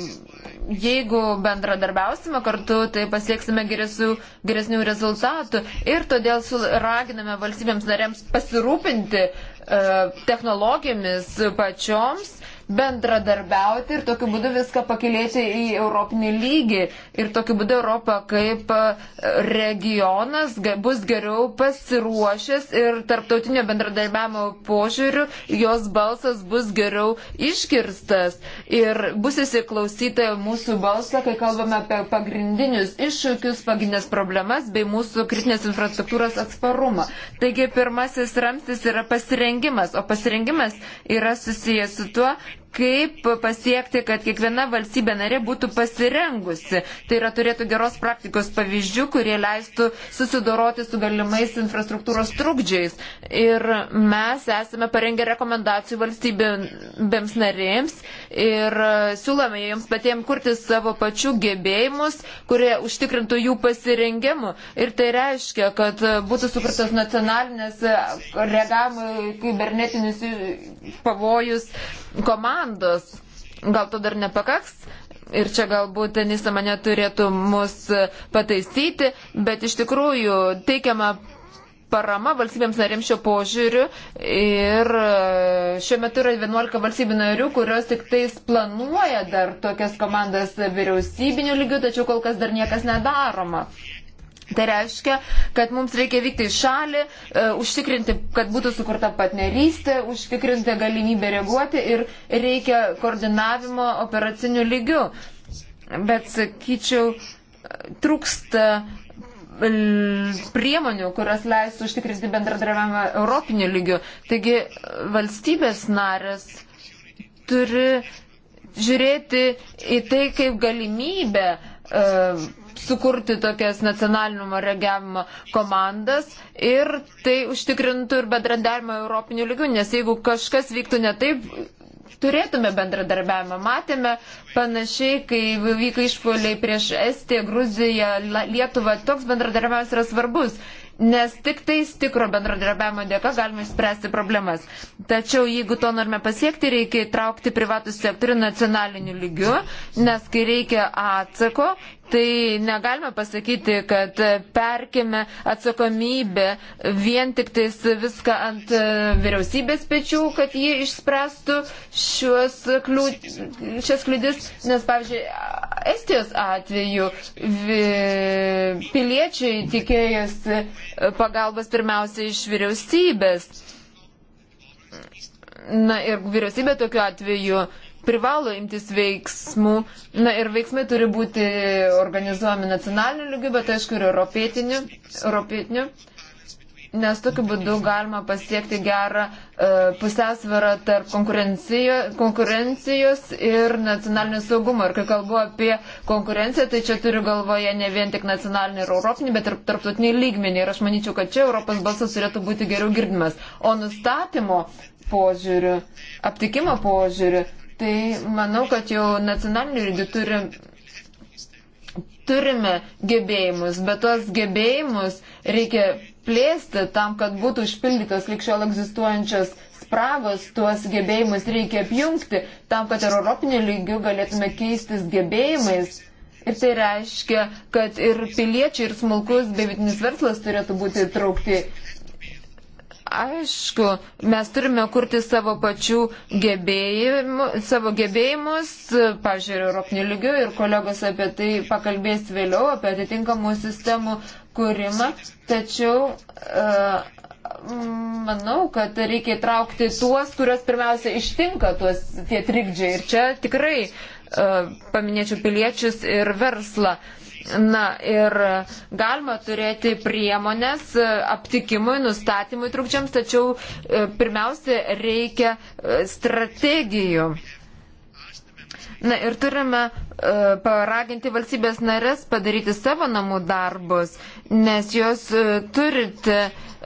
jeigu bendradarbiausime kartu, tai pasieksime geresnių, geresnių rezultatų ir todėl raginame valstybėms narėms pasirūpinti uh, technologijomis pačioms bendradarbiauti ir tokiu būdu viską pakilėti į europinį lygį. Ir tokiu būdu Europa kaip e, regionas bus geriau pasiruošęs ir tarptautinio bendradarbiavimo požiūriu jos balsas bus geriau iškirstas ir bus įsiklausyta mūsų balsą, kai kalbame apie pagrindinius iššūkius, pagrindinės problemas bei mūsų kritinės infrastruktūros atsparumą. Taigi pirmasis ramstis yra pasirengimas, o pasirengimas yra susijęs su tuo, kaip pasiekti, kad kiekviena valstybė narė būtų pasirengusi. Tai yra turėtų geros praktikos pavyzdžių, kurie leistų susidoroti su galimais infrastruktūros trukdžiais. Ir mes esame parengę rekomendacijų valstybėms narėms ir siūlome jiems patiems kurti savo pačių gebėjimus, kurie užtikrintų jų pasirengimą. Ir tai reiškia, kad būtų sukurtas nacionalinės reagavimo į kibernetinius pavojus komandos propagandos. Gal to dar nepakaks? Ir čia galbūt Anisa mane turėtų mus pataisyti, bet iš tikrųjų teikiama parama valstybėms narėms šio požiūriu ir šiuo metu yra 11 valstybių narių, kurios tik tais planuoja dar tokias komandas vyriausybinių lygių, tačiau kol kas dar niekas nedaroma. Tai reiškia, kad mums reikia vykti į šalį, e, užtikrinti, kad būtų sukurta partnerystė, užtikrinti galimybę reaguoti ir reikia koordinavimo operacinių lygių. Bet sakyčiau, trūksta priemonių, kurios leistų užtikrinti bendradarbiavimą europiniu lygiu. Taigi valstybės narės turi žiūrėti į tai kaip galimybę e, sukurti tokias nacionalinio reagavimo komandas ir tai užtikrintų ir bendradarbiavimą Europinių lygių, nes jeigu kažkas vyktų ne taip, turėtume bendradarbiavimą. Matėme panašiai, kai vyko išpoliai prieš Estiją, Gruziją, Lietuvą, toks bendradarbiavimas yra svarbus nes tik tais tikro bendradarbiavimo dėka galime išspręsti problemas. Tačiau jeigu to norime pasiekti, reikia įtraukti privatų sektorių nacionaliniu lygiu, nes kai reikia atsako, tai negalime pasakyti, kad perkime atsakomybę vien tik tais viską ant e, vyriausybės pečių, kad jie išspręstų šios kliū, šias kliūdis, nes, pavyzdžiui, Estijos atveju piliečiai tikėjosi e, pagalbos pirmiausia iš vyriausybės. Na ir vyriausybė tokiu atveju privalo imtis veiksmų. Na ir veiksmai turi būti organizuojami nacionaliniu lygiu, bet aišku ir europietiniu. europietiniu nes tokiu būdu galima pasiekti gerą e, pusiausvyrą tarp konkurencijos ir nacionalinio saugumo. Ir kai kalbu apie konkurenciją, tai čia turiu galvoje ne vien tik nacionalinį ir europinį, bet ir tarptautinį lygmenį. Ir aš manyčiau, kad čia Europos balsas turėtų būti geriau girdimas. O nustatymo požiūriu, aptikimo požiūriu, tai manau, kad jau nacionaliniu lygiu turi, turime gebėjimus, bet tuos gebėjimus reikia plėsti tam, kad būtų užpildytos likščiol egzistuojančios spragos, tuos gebėjimus reikia apjungti tam, kad ir europinių lygių galėtume keistis gebėjimais. Ir tai reiškia, kad ir piliečiai, ir smulkus bei vidinis verslas turėtų būti įtraukti. Aišku, mes turime kurti savo pačių gebėjimų, savo gebėjimus, pažiūrėjau, Europinių lygių ir kolegos apie tai pakalbės vėliau, apie atitinkamų sistemų kūrimą, tačiau e, manau, kad reikia įtraukti tuos, kurios pirmiausia ištinka tuos tie trikdžiai. Ir čia tikrai e, paminėčiau piliečius ir verslą. Na ir galima turėti priemonės e, aptikimui, nustatymui trukdžiams, tačiau pirmiausia reikia strategijų. Na ir turime uh, paraginti valstybės narės padaryti savo namų darbus, nes jos uh, turite uh,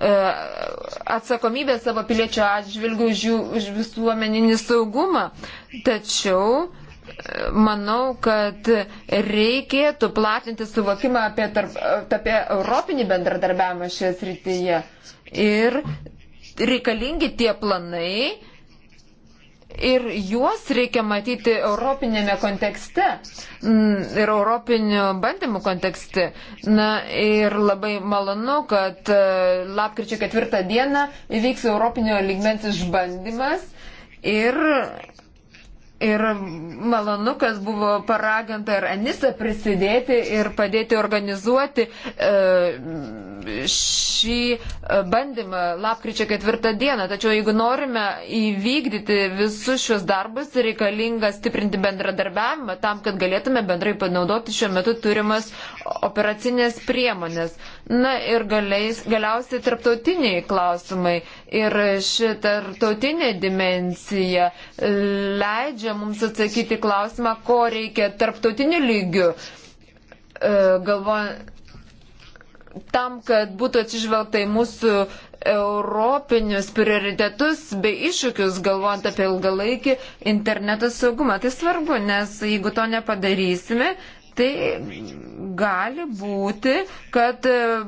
atsakomybę savo piliečio atžvilgių už, jų, už visuomeninį saugumą. Tačiau manau, kad reikėtų platinti suvokimą apie, tarp, apie europinį bendradarbiavimą šioje srityje. Ir reikalingi tie planai, ir juos reikia matyti europinėme kontekste mm, ir europinių bandymų kontekste. Na ir labai malonu, kad e, lapkričio ketvirtą dieną įvyks europinio lygmens išbandymas ir Ir malonu, kad buvo paraginta ir Anisa prisidėti ir padėti organizuoti e, šį e, bandymą lapkričio ketvirtą dieną. Tačiau jeigu norime įvykdyti visus šios darbus, reikalinga stiprinti bendradarbiavimą tam, kad galėtume bendrai panaudoti šiuo metu turimas operacinės priemonės. Na ir galiais, galiausiai tarptautiniai klausimai. Ir ši tarptautinė dimensija e, leidžia leidžia mums atsakyti klausimą, ko reikia tarptautiniu lygiu, e, galvojant, tam, kad būtų atsižvelgta į mūsų europinius prioritetus bei iššūkius, galvojant apie ilgalaikį interneto saugumą. Tai svarbu, nes jeigu to nepadarysime, tai gali būti, kad e,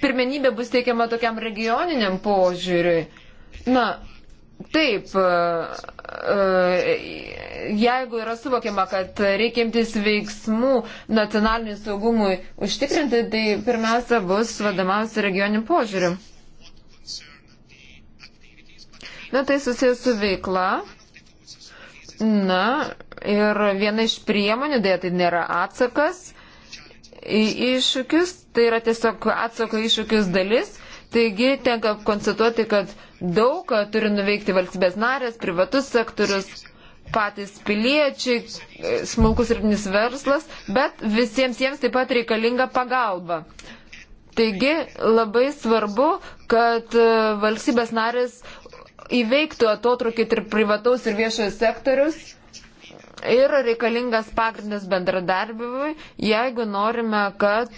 pirmenybė bus teikiama tokiam regioniniam požiūriui. Na, Taip, e, e, jeigu yra suvokiama, kad reikia imtis veiksmų nacionaliniai saugumui užtikrinti, tai pirmiausia bus vadamausi regionių požiūrių. Na, tai susijęs su veikla. Na, ir viena iš priemonių, dėja, tai nėra atsakas į iššūkius, tai yra tiesiog atsako iššūkius dalis Taigi tenka konstatuoti, kad daug ką turi nuveikti valstybės narės, privatus sektorius, patys piliečiai, smulkus ir nis verslas, bet visiems jiems taip pat reikalinga pagalba. Taigi labai svarbu, kad e, valstybės narės įveiktų atotrukį tarp privataus ir viešojo sektorius ir reikalingas pagrindas bendradarbivui, jeigu norime, kad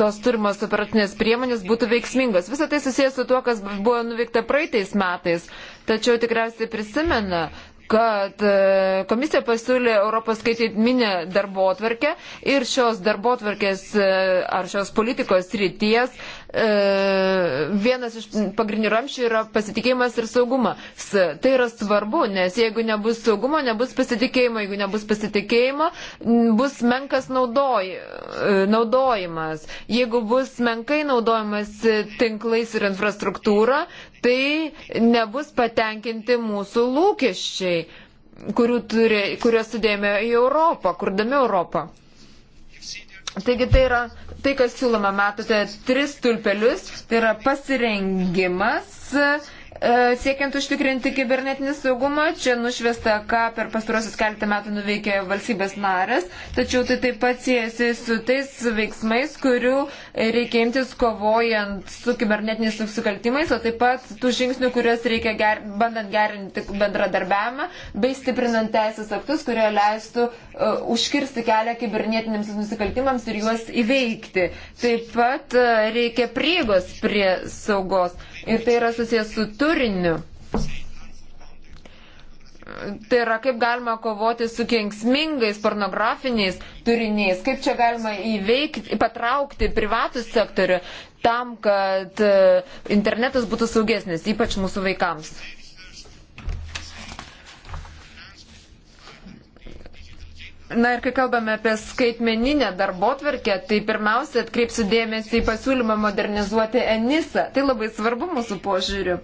tos turimos operatinės priemonės būtų veiksmingos. Visą tai susijęs su tuo, kas buvo nuveikta praeitais metais, tačiau tikriausiai prisimena kad e, komisija pasiūlė Europos skaitminę darbo atvarkę ir šios darbo atvarkės e, ar šios politikos ryties E, vienas iš pagrindinių ramščių yra pasitikėjimas ir saugumas. Tai yra svarbu, nes jeigu nebus saugumo, nebus pasitikėjimo, jeigu nebus pasitikėjimo, bus menkas naudoj, e, naudojimas. Jeigu bus menkai naudojimas tinklais ir infrastruktūra, tai nebus patenkinti mūsų lūkesčiai, turi, kuriuos sudėjome į Europą, kurdami Europą. Taigi tai yra tai, kas siūloma, matote, tris tulpelius, tai yra pasirengimas E, siekiant užtikrinti kibernetinį saugumą, čia nušviesta, ką per pastarosius keletą metų nuveikė valstybės narės, tačiau tai taip pat siejasi su tais veiksmais, kurių reikia imtis kovojant su kibernetiniais nusikaltimais, o taip pat tų žingsnių, kuriuos reikia ger, bandant gerinti bendradarbiavimą bei stiprinant teisės aktus, kurie leistų uh, užkirsti kelią kibernetiniams nusikaltimams ir juos įveikti. Taip pat uh, reikia priegos prie saugos. Ir tai yra susijęs su turiniu. Tai yra, kaip galima kovoti su kengsmingais pornografiniais turiniais, kaip čia galima įveikti, patraukti privatų sektorių tam, kad e, internetas būtų saugesnis, ypač mūsų vaikams. Na ir kai kalbame apie skaitmeninę darbo tvarkę, tai pirmiausia atkreipsiu dėmesį į pasiūlymą modernizuoti Enisą. Tai labai svarbu mūsų požiūriu,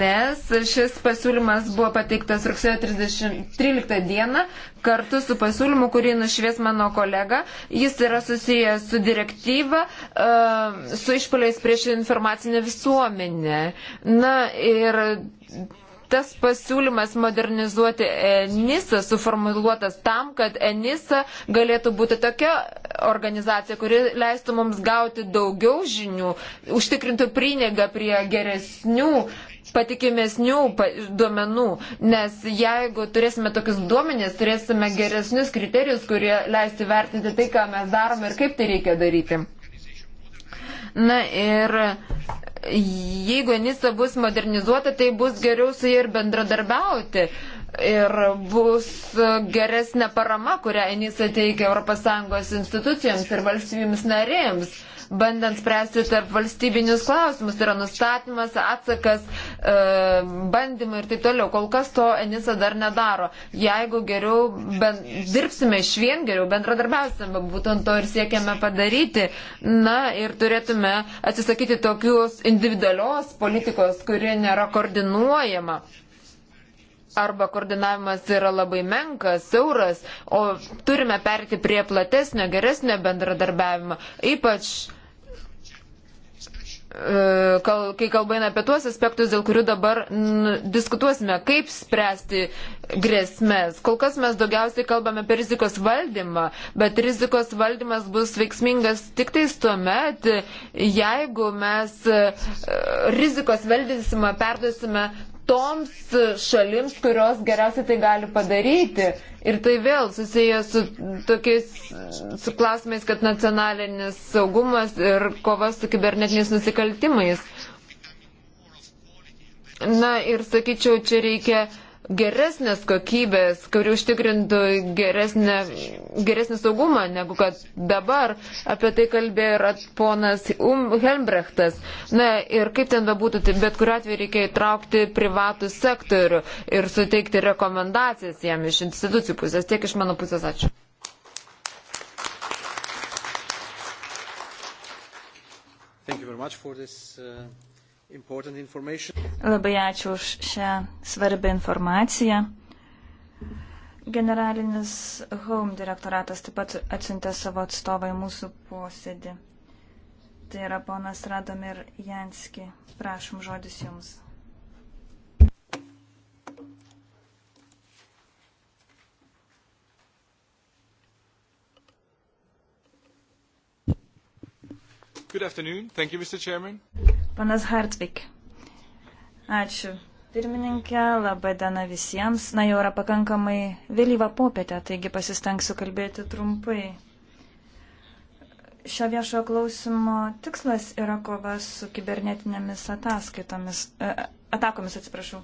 nes šis pasiūlymas buvo pateiktas rugsėjo 13 dieną kartu su pasiūlymu, kurį nušvies mano kolega. Jis yra susijęs su direktyva, e, su išpoliais prieš informacinę visuomenę. Na ir tas pasiūlymas modernizuoti ENISA suformuluotas tam, kad ENISA galėtų būti tokia organizacija, kuri leistų mums gauti daugiau žinių, užtikrintų prieigą prie geresnių patikimesnių duomenų, nes jeigu turėsime tokius duomenys, turėsime geresnius kriterijus, kurie leisti vertinti tai, ką mes darome ir kaip tai reikia daryti. Na ir jeigu Enisa bus modernizuota, tai bus geriau su jie ir bendradarbiauti ir bus geresnė parama, kurią Enisa teikia ES institucijoms ir valstybėms narėms, bandant spręsti tarp valstybinius klausimus, tai yra nustatymas, atsakas, e, bandymai ir taip toliau. Kol kas to Enisa dar nedaro. Jeigu geriau ben, dirbsime iš vien, geriau bendradarbiausime, būtent to ir siekiame padaryti. Na ir turėtume atsisakyti tokios individualios politikos, kuri nėra koordinuojama arba koordinavimas yra labai menkas, siauras, o turime perti prie platesnio, geresnio bendradarbiavimo. Ypač, e, kai kalbame apie tuos aspektus, dėl kurių dabar diskutuosime, kaip spręsti grėsmės. Kol kas mes daugiausiai kalbame apie rizikos valdymą, bet rizikos valdymas bus veiksmingas tik tais tuo met, jeigu mes e, rizikos valdysimą perduosime toms šalims, kurios geriausiai tai gali padaryti. Ir tai vėl susiję su tokiais su klausimais, kad nacionalinis saugumas ir kova su kibernetiniais nusikaltimais. Na ir sakyčiau, čia reikia uh, geresnės kokybės, kuri užtikrintų geresnę, geresnį saugumą negu kad dabar. Apie tai kalbėjo ir ponas um Helmbrechtas. Na ir kaip ten bebūtų, tai bet kuriuo atveju reikia įtraukti privatų sektorių ir suteikti rekomendacijas jam iš institucijų pusės. Tiek iš mano pusės ačiū. Thank you very much for this uh, Labai ačiū už šią svarbią informaciją. Generalinis Home direktoratas taip pat atsintė savo atstovą į mūsų posėdį. Tai yra ponas Radomir Janski. Prašom žodis jums. Good afternoon. Thank you, Mr. Chairman. Panas Hartvik. Ačiū. Pirmininkė, laba diena visiems. Na, jau yra pakankamai vėlyva popietė, taigi pasistengsiu kalbėti trumpai. Šio viešojo klausimo tikslas yra kova su kibernetinėmis ataskaitomis, e, atakomis, atsiprašau.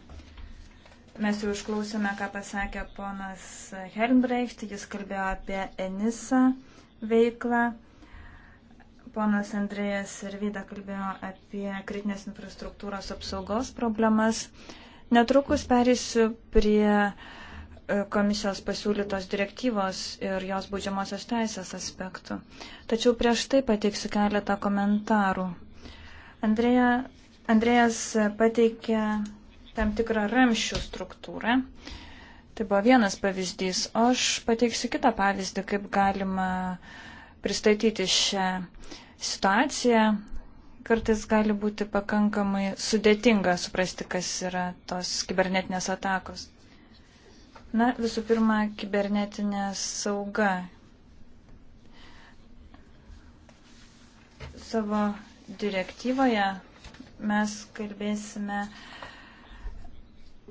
Mes jau išklausėme, ką pasakė ponas Helmbrecht, jis kalbėjo apie Enisa veiklą. Ponas Andrėjas ir Vyda kalbėjo apie kritinės infrastruktūros apsaugos problemas. Netrukus perėsiu prie e, komisijos pasiūlytos direktyvos ir jos būdžiamosios teisės aspektų. Tačiau prieš tai pateiksiu keletą komentarų. Andrėja, Andrėjas pateikė tam tikrą ramščių struktūrą. Tai buvo vienas pavyzdys. O aš pateiksiu kitą pavyzdį, kaip galima uh, pristatyti šią situaciją. Kartais gali būti pakankamai sudėtinga suprasti, kas yra tos kibernetinės atakos. Na, visų pirma, kibernetinė sauga. Savo direktyvoje mes kalbėsime uh,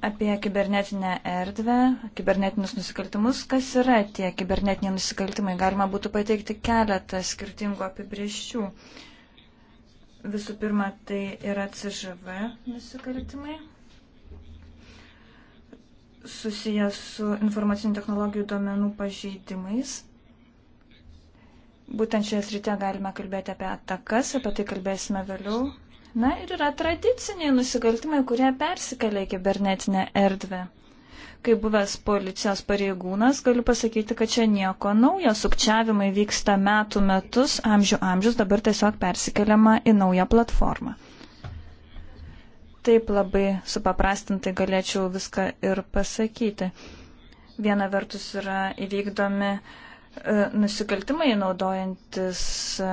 apie kibernetinę erdvę, kibernetinius nusikaltimus. Kas yra tie kibernetiniai nusikaltimai? Galima būtų pateikti keletą skirtingų apibrieščių. Visų pirma, tai yra CŽV nusikaltimai susijęs su informacinių technologijų duomenų pažeidimais. Būtent šioje srityje galime kalbėti apie atakas, apie tai kalbėsime vėliau. Na ir yra tradiciniai nusikaltimai, kurie persikelia į kibernetinę erdvę. Kaip buvęs policijos pareigūnas, galiu pasakyti, kad čia nieko naujo. Sukčiavimai vyksta metų metus, amžių amžius, dabar tiesiog persikeliama į naują platformą. Taip labai supaprastintai galėčiau viską ir pasakyti. Viena vertus yra įvykdomi e, nusikaltimai naudojantis e,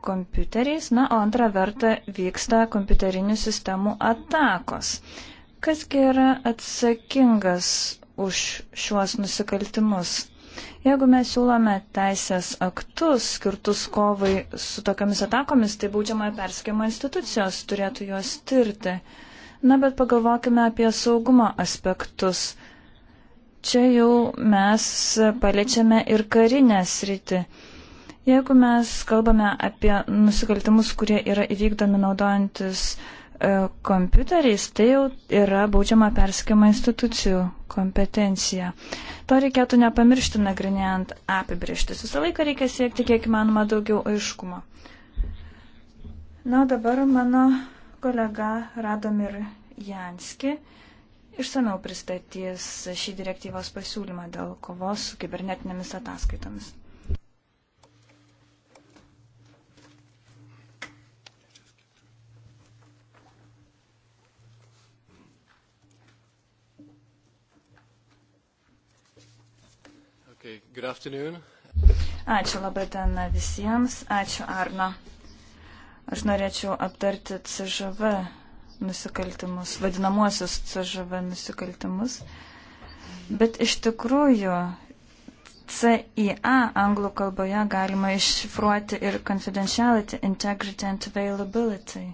kompiuteriais, na, o antra verta vyksta kompiuterinių sistemų atakos. Kasgi yra atsakingas už šiuos nusikaltimus? Jeigu mes siūlome teisės aktus skirtus kovai su tokiamis atakomis, tai baudžiamojo perskimo institucijos turėtų juos tirti. Na, bet pagalvokime apie saugumo aspektus. Čia jau mes paliečiame ir karinę sritį. Jeigu mes kalbame apie nusikaltimus, kurie yra įvykdomi naudojantis e, kompiuteriais, tai jau yra baudžiama perskima institucijų kompetencija. To reikėtų nepamiršti nagrinėjant apibrieštis. Visą laiką reikia siekti kiek įmanoma daugiau aiškumo. Na, o dabar mano kolega Radomir Janski išsameu pristatys šį direktyvos pasiūlymą dėl kovos su kibernetinėmis ataskaitomis. Good afternoon. Ačiū labai ten visiems. Ačiū Arno. Aš norėčiau aptarti CŽV nusikaltimus, vadinamuosius CŽV nusikaltimus. Bet iš tikrųjų CIA anglų kalboje galima iššifruoti ir confidentiality, integrity and availability.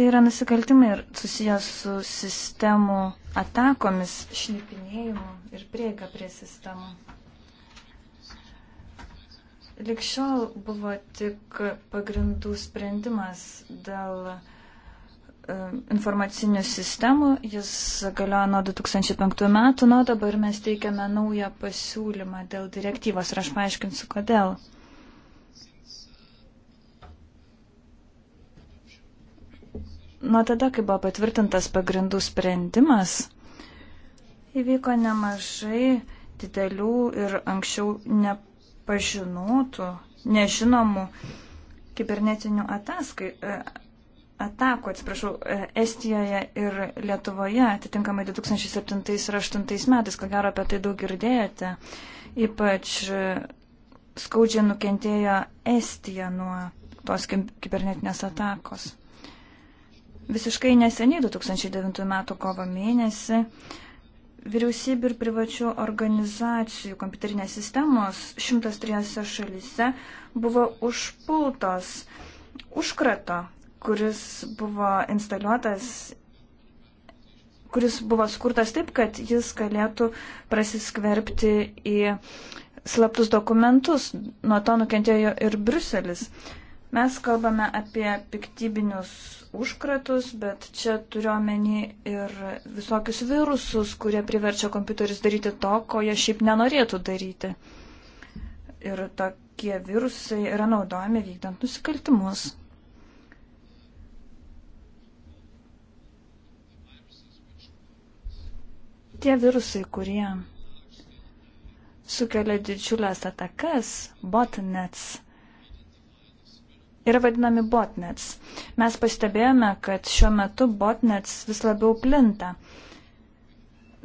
Tai yra nusikaltimai susijęs su sistemų atakomis, šnipinėjimu ir prieiga prie sistemų. Likščiol buvo tik pagrindų sprendimas dėl e, informacinių sistemų, jis galioja nuo 2005 metų, nuo dabar mes teikiame naują pasiūlymą dėl direktyvos ir aš paaiškinsiu, kodėl. Nuo tada, kai buvo patvirtintas pagrindų sprendimas, įvyko nemažai didelių ir anksčiau nepažinotų, nežinomų kibernetinių ataskaitų. E, atakų, atsiprašau, e, Estijoje ir Lietuvoje, atitinkamai 2007 ir 2008 metais, ko gero apie tai daug girdėjote, ypač e, skaudžiai nukentėjo Estija nuo tos kibernetinės atakos. Visiškai neseniai, 2009 m. kovo mėnesį, vyriausybių ir privačių organizacijų kompiuterinės sistemos 103 šalyse buvo užpultos užkrato, kuris buvo instaliuotas kuris buvo skurtas taip, kad jis galėtų prasiskverbti į slaptus dokumentus. Nuo to nukentėjo ir Bruselis. Mes kalbame apie piktybinius užkratus, bet čia turiuomenį ir visokius virusus, kurie priverčia kompiuterius daryti to, ko jie šiaip nenorėtų daryti. Ir tokie virusai yra naudojami vykdant nusikaltimus. Tie virusai, kurie sukelia didžiulės atakas, botnets, yra vadinami botnets. Mes pastebėjome, kad šiuo metu botnets vis labiau plinta.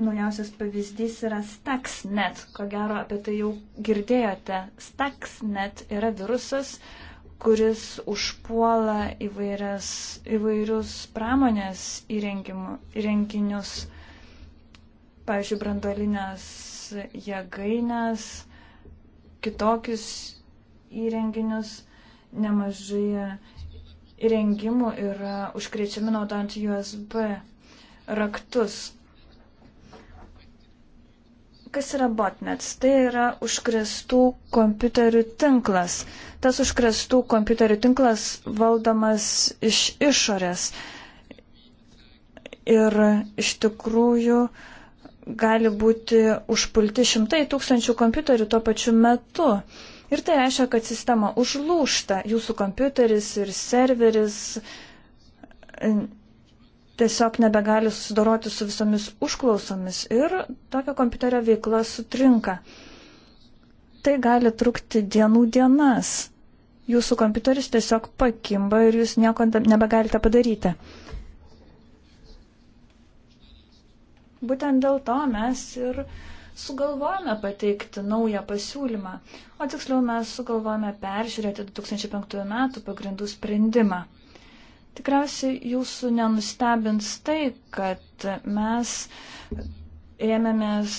Naujausias pavyzdys yra Stuxnet. Ko gero apie tai jau girdėjote. Stuxnet yra virusas, kuris užpuola įvairias, įvairius pramonės įrenginius, pavyzdžiui, brandolinės jėgainės, kitokius įrenginius nemažai įrengimų yra užkrečiami naudojant USB raktus. Kas yra botnets? Tai yra užkrestų kompiuterių tinklas. Tas užkrestų kompiuterių tinklas valdomas iš išorės. Ir iš tikrųjų gali būti užpulti šimtai tūkstančių kompiuterių tuo pačiu metu. Uh, Ir tai reiškia, kad sistema užlūšta, jūsų kompiuteris ir serveris e, tiesiog nebegali susidoroti su visomis užklausomis ir tokio kompiuterio veikla sutrinka. Tai gali trukti dienų dienas. Jūsų kompiuteris tiesiog pakimba ir jūs nieko nebegalite padaryti. Būtent dėl to mes ir uh, sugalvojame pateikti naują pasiūlymą, o tiksliau mes sugalvojame peržiūrėti 2005 metų pagrindų sprendimą. Tikriausiai jūsų nenustebins tai, kad mes ėmėmės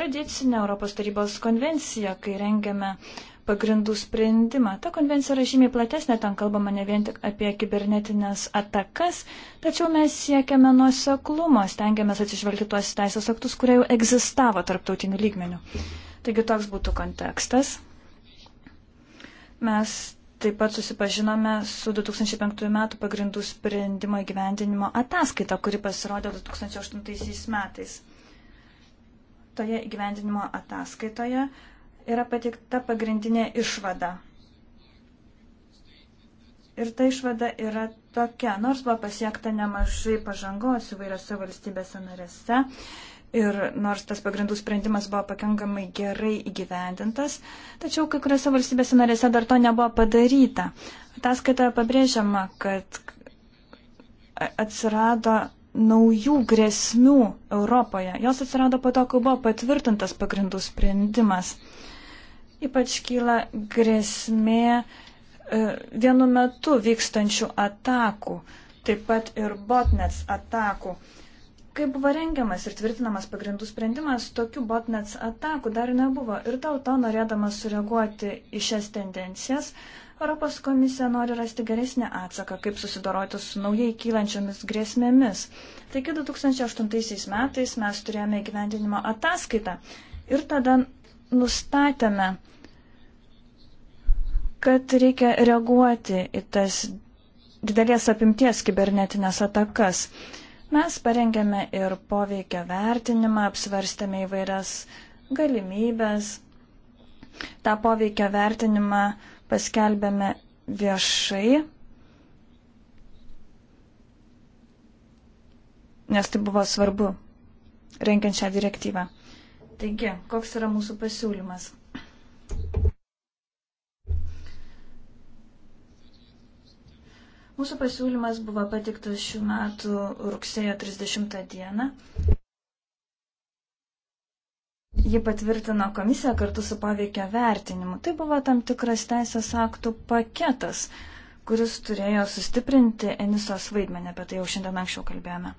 tradicinę Europos tarybos konvenciją, kai rengiame uh, pagrindų sprendimą. Ta konvencija yra žymiai platesnė, ten kalbama ne vien tik apie kibernetinės atakas, tačiau mes siekiame nuoseklumo, stengiamės atsižvelgti tuos teisės aktus, kurie jau egzistavo tarptautiniu lygmeniu. Taigi toks būtų kontekstas. Mes taip pat susipažinome su 2005 metų pagrindų sprendimo įgyvendinimo ataskaita, kuri pasirodė 2008 metais. Toje įgyvendinimo ataskaitoje yra patikta pagrindinė išvada. Ir ta išvada yra tokia, nors buvo pasiekta nemažai pažangos įvairiose valstybėse narėse ir nors tas pagrindų sprendimas buvo pakankamai gerai įgyvendintas, tačiau kai kuriuose valstybėse narėse dar to nebuvo padaryta. Ataskaitoje pabrėžiama, kad atsirado naujų grėsmių Europoje. Jos atsirado po to, kai buvo patvirtintas pagrindų sprendimas. Ypač kyla grėsmė e, vienu metu vykstančių atakų, taip pat ir botnets atakų. Kai buvo rengiamas ir tvirtinamas pagrindų sprendimas, tokių botnets atakų dar nebuvo ir dėl to, norėdamas sureaguoti į šias tendencijas, Europos komisija nori rasti geresnį atsaką, kaip susidoroti su naujai kylančiomis grėsmėmis. Taigi 2008 metais mes turėjome gyvendinimo ataskaitą ir tada nustatėme, kad reikia reaguoti į tas didelės apimties kibernetinės atakas. Mes parengėme ir poveikio vertinimą, apsvarstėme įvairias galimybės. Ta poveikio vertinimą paskelbėme viešai, nes tai buvo svarbu renkiant šią direktyvą. Taigi, koks yra mūsų pasiūlymas? Mūsų pasiūlymas buvo patiktas šių metų rugsėjo 30 dieną. Ji patvirtino komisiją kartu su poveikio vertinimu. Tai buvo tam tikras teisės aktų paketas, kuris turėjo sustiprinti Enisos vaidmenį, apie tai jau šiandien anksčiau kalbėjome.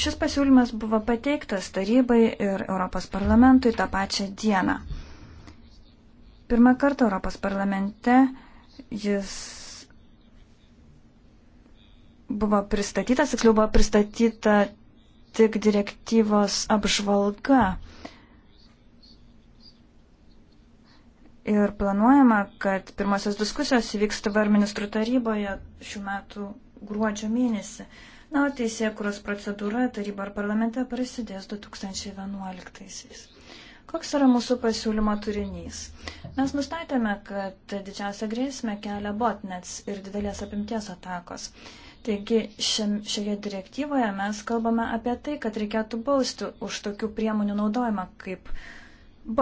Šis pasiūlymas buvo pateiktas tarybai ir Europos parlamentui tą pačią dieną. Pirmą kartą Europos parlamente jis buvo pristatytas, tiksliau buvo pristatyta tik direktyvos apžvalga. Ir planuojama, kad pirmasis diskusijos įvyks TVR ministrų taryboje šių metų gruodžio mėnesį. Uh, Na, o teisėkuros procedūra taryba ar parlamente prasidės 2011-aisiais. Koks yra mūsų pasiūlymo turinys? Mes nustatėme, kad didžiausia grėsmė kelia botnets ir didelės apimties atakos. Taigi šiam, šioje direktyvoje mes kalbame apie tai, kad reikėtų bausti už tokių priemonių naudojimą kaip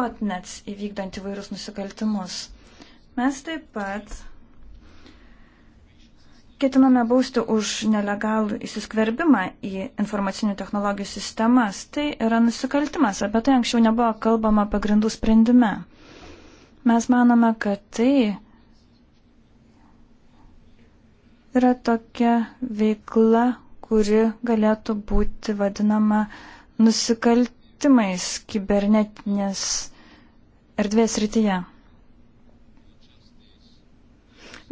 botnets įvykdant įvairius nusikaltimus. Mes taip pat ketiname bausti už nelegalų įsiskverbimą į informacinių technologijų sistemas. Tai yra nusikaltimas, apie tai anksčiau nebuvo kalbama pagrindų sprendime. Mes manome, kad tai yra tokia veikla, kuri galėtų būti vadinama nusikaltimais kibernetinės erdvės rytyje.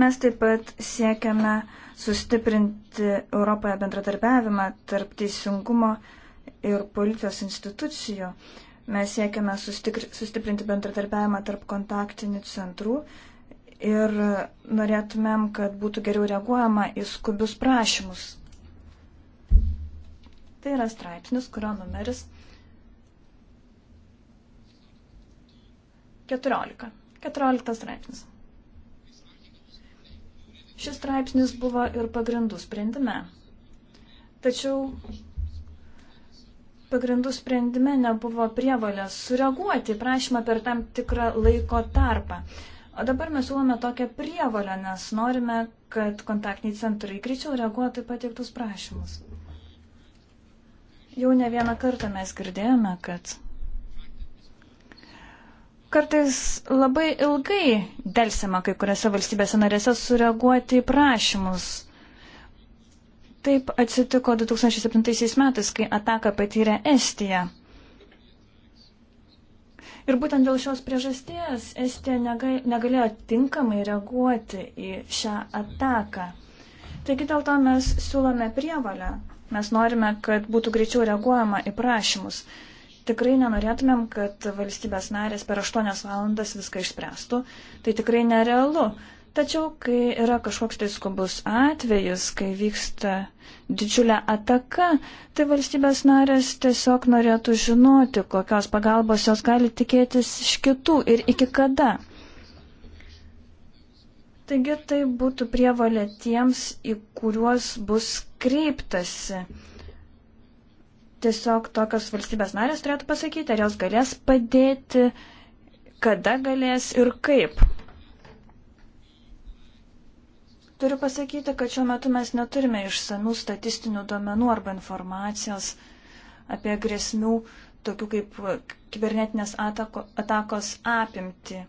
Mes taip pat siekiame sustiprinti Europoje bendradarbiavimą tarp teisingumo ir policijos institucijų. Mes siekiame sustiprinti bendradarbiavimą tarp kontaktinių centrų ir norėtumėm, kad būtų geriau reaguojama į skubius prašymus. Tai yra straipsnis, kurio numeris 14. 14 straipsnis. Šis straipsnis buvo ir pagrindų sprendime. Tačiau pagrindų sprendime nebuvo prievalės sureaguoti prašymą per tam tikrą laiko tarpą. O dabar mes siūlome tokią prievalę, nes norime, kad kontaktiniai centrai greičiau reaguotų į pateiktus prašymus. Jau ne vieną kartą mes girdėjome, kad Kartais labai ilgai dėlsima kai kuriuose valstybėse narėse sureaguoti į prašymus. Taip atsitiko 2007 metais, kai ataką patyrė Estija. Ir būtent dėl šios priežasties Estija negalėjo tinkamai reaguoti į šią ataką. Taigi dėl to mes siūlome prievalę. Mes norime, kad būtų greičiau reaguojama į prašymus. Tikrai nenorėtumėm, kad valstybės narės per 8 valandas viską išspręstų. Tai tikrai nerealu. Tačiau, kai yra kažkoks tai skubus atvejis, kai vyksta didžiulė ataka, tai valstybės narės tiesiog norėtų žinoti, kokios pagalbos jos gali tikėtis iš kitų ir iki kada. Taigi tai būtų prievalė tiems, į kuriuos bus kreiptasi tiesiog tokios valstybės narės turėtų pasakyti, ar jos galės padėti, kada galės ir kaip. Turiu pasakyti, kad šiuo metu mes neturime išsamių statistinių duomenų arba informacijos apie grėsmių, tokių kaip kibernetinės atako, atakos apimti.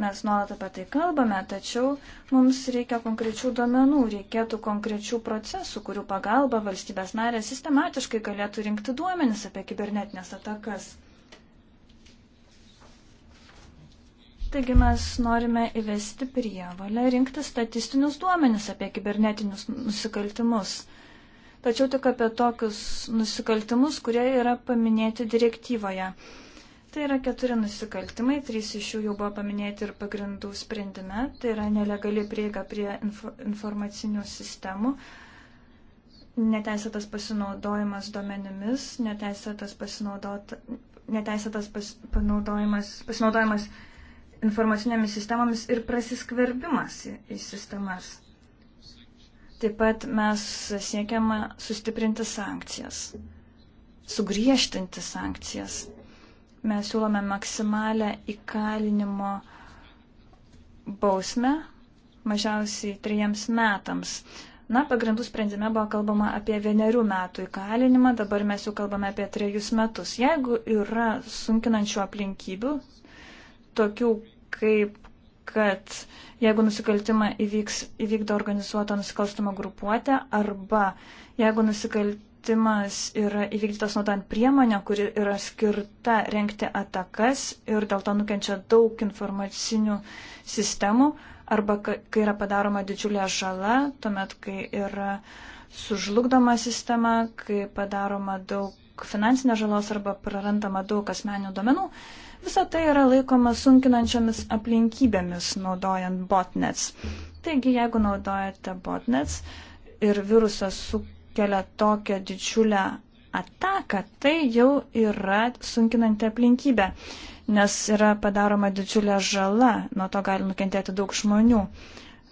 Mes nuolat apie tai kalbame, tačiau mums reikia konkrečių duomenų, reikėtų konkrečių procesų, kurių pagalba valstybės narė sistematiškai galėtų rinkti duomenis apie kibernetinės atakas. Taigi mes norime įvesti prievalę rinkti statistinius duomenis apie kibernetinius nusikaltimus. Tačiau tik apie tokius nusikaltimus, kurie yra paminėti direktyvoje. Tai yra keturi nusikaltimai, trys iš jų jau buvo paminėti ir pagrindų sprendime. Tai yra nelegali prieiga prie info, informacinių sistemų, neteisėtas pasinaudojimas duomenimis, neteisėtas, neteisėtas pas, panaudojimas, pasinaudojimas informacinėmis sistemomis ir prasiskverbimas į, į sistemas. Taip pat mes siekiame sustiprinti sankcijas, sugriežtinti sankcijas. Mes siūlome maksimalę įkalinimo bausmę mažiausiai trejiems metams. Na, pagrindų sprendime buvo kalbama apie vienerių metų įkalinimą, dabar mes jau kalbame apie trejus metus. Jeigu yra sunkinančių aplinkybių, tokių kaip, kad jeigu nusikaltimą įvyks, įvykdo organizuota nusikalstama grupuotė arba jeigu nusikaltimą Vertimas yra įvykdytas naudojant priemonę, kuri yra skirta renkti atakas ir dėl to nukenčia daug informacinių sistemų arba kai yra padaroma didžiulė žala, tuomet kai yra sužlugdoma sistema, kai padaroma daug finansinės žalos arba prarandama daug asmenių domenų. Visa tai yra laikoma sunkinančiamis aplinkybėmis naudojant botnets. Taigi, jeigu naudojate botnets, ir virusas, su sukelia tokią didžiulę ataką, tai jau yra sunkinanti aplinkybė, nes yra padaroma didžiulė žala, nuo to gali nukentėti daug žmonių.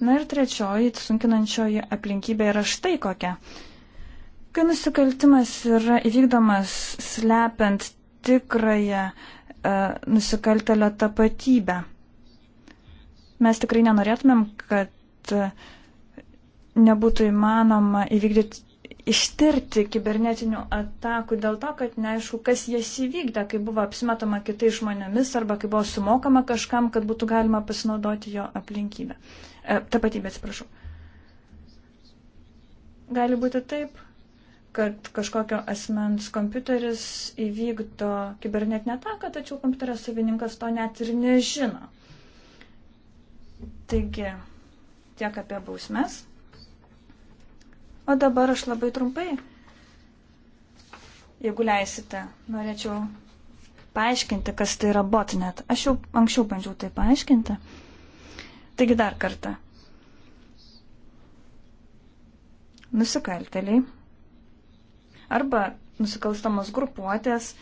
Na ir trečioji sunkinančioji aplinkybė yra štai kokia. Kai nusikaltimas yra įvykdomas slepiant tikrąją e, nusikaltelio tapatybę, mes tikrai nenorėtumėm, kad e, nebūtų įmanoma įvykdyti ištirti kibernetinių atakų dėl to, kad neaišku, kas jas įvykdė, kai buvo apsimetama kitais žmonėmis arba kai buvo sumokama kažkam, kad būtų galima pasinaudoti jo aplinkybę. E, tapatybę, atsiprašau. Gali būti taip, kad kažkokio asmens kompiuteris įvykdo kibernetinę ataką, tačiau kompiuterio savininkas to net ir nežino. Taigi, tiek apie bausmes. O dabar aš labai trumpai, jeigu leisite, norėčiau paaiškinti, kas tai yra botnet. Aš jau anksčiau bandžiau tai paaiškinti. Taigi dar kartą. Nusikalteliai arba nusikalstamos grupuotės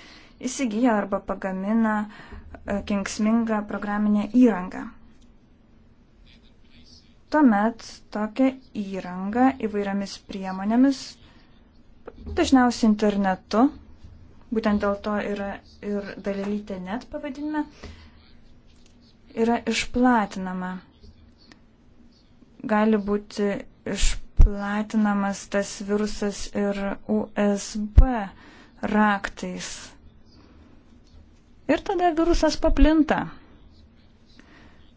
įsigyja arba pagamina e, kenksmingą programinę įrangą tuomet tokią įrangą įvairiamis priemonėmis, dažniausiai internetu, būtent dėl to yra ir dalelytė net pavadinime, yra išplatinama. Gali būti išplatinamas tas virusas ir USB raktais. Ir tada virusas paplinta.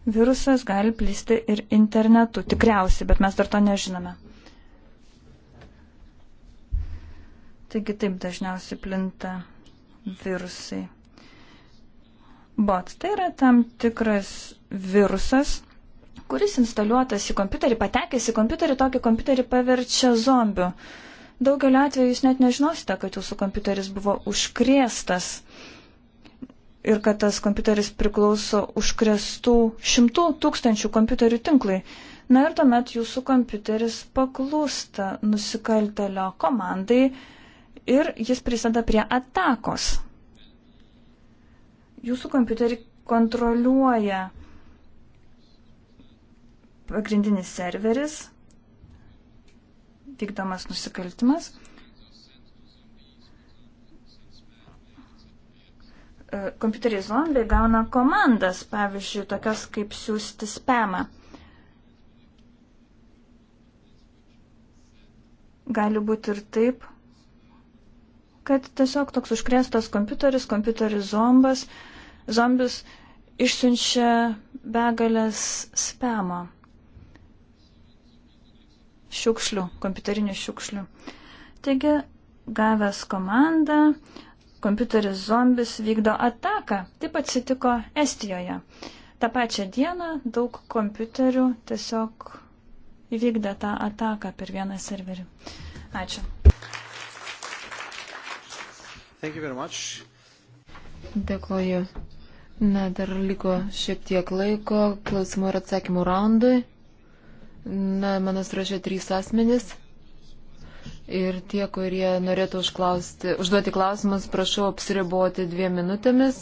Virusas gali plisti ir internetu, tikriausiai, bet mes dar to nežinome. Taigi taip dažniausiai plinta virusai. Bot tai yra tam tikras virusas, kuris instaliuotas į kompiuterį, patekęs į kompiuterį, tokį kompiuterį paverčia zombiu. Daugeliu atveju jūs net nežinosite, kad jūsų kompiuteris buvo užkrėstas ir kad tas kompiuteris priklauso užkrestų šimtų tūkstančių kompiuterių tinklai. Na ir tuomet jūsų kompiuteris paklūsta nusikaltelio komandai ir jis prisideda prie atakos. Jūsų kompiuterį kontroliuoja pagrindinis serveris, vykdomas nusikaltimas. E, kompiuteriai zombiai gauna komandas, pavyzdžiui, tokias kaip siūsti spamą. Gali būti ir taip, kad tiesiog toks užkrėstas kompiuteris, kompiuteris zombas, zombis išsiunčia begalės spamo šiukšlių, kompiuterinių šiukšlių. Taigi, gavęs komandą, uh, kompiuteris zombis vykdo ataką. Taip atsitiko Estijoje. Ta pačią dieną daug kompiuterių tiesiog įvykdė tą ataką per vieną serverį. Ačiū. Dėkoju. Na, dar liko šiek tiek laiko klausimų ir atsakymų raundui. Na, manas rašė trys asmenys. Ir tie, kurie norėtų užklausti, užduoti klausimus, prašau apsiriboti dviem minutėmis.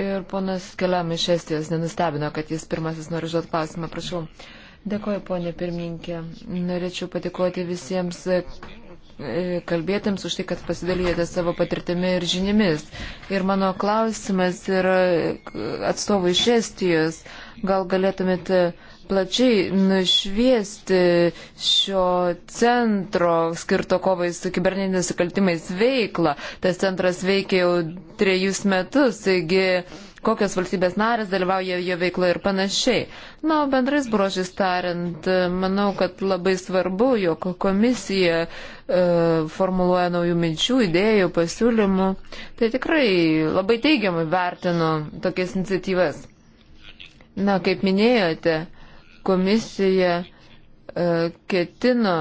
Ir ponas Keliam iš Estijos nenustebino, kad jis pirmasis nori užduoti klausimą. Prašau. Dėkoju, ponė pirmininkė. Norėčiau patikoti visiems e, kalbėtams už tai, kad pasidalijote savo patirtimi ir žinimis. Ir mano klausimas yra e, atstovų iš Estijos. Gal galėtumėte. Uh, plačiai nušviesti šio centro skirto kovai su kibernetiniais nusikaltimais veiklą. Tas centras veikia jau trejus metus, taigi kokios valstybės narės dalyvauja jo veikloje ir panašiai. Na, bendrais brožys tariant, manau, kad labai svarbu, jog komisija e, formuluoja naujų minčių, idėjų, pasiūlymų. Tai tikrai labai teigiamai vertinu tokias iniciatyvas. Na, kaip minėjote, komisija e, ketino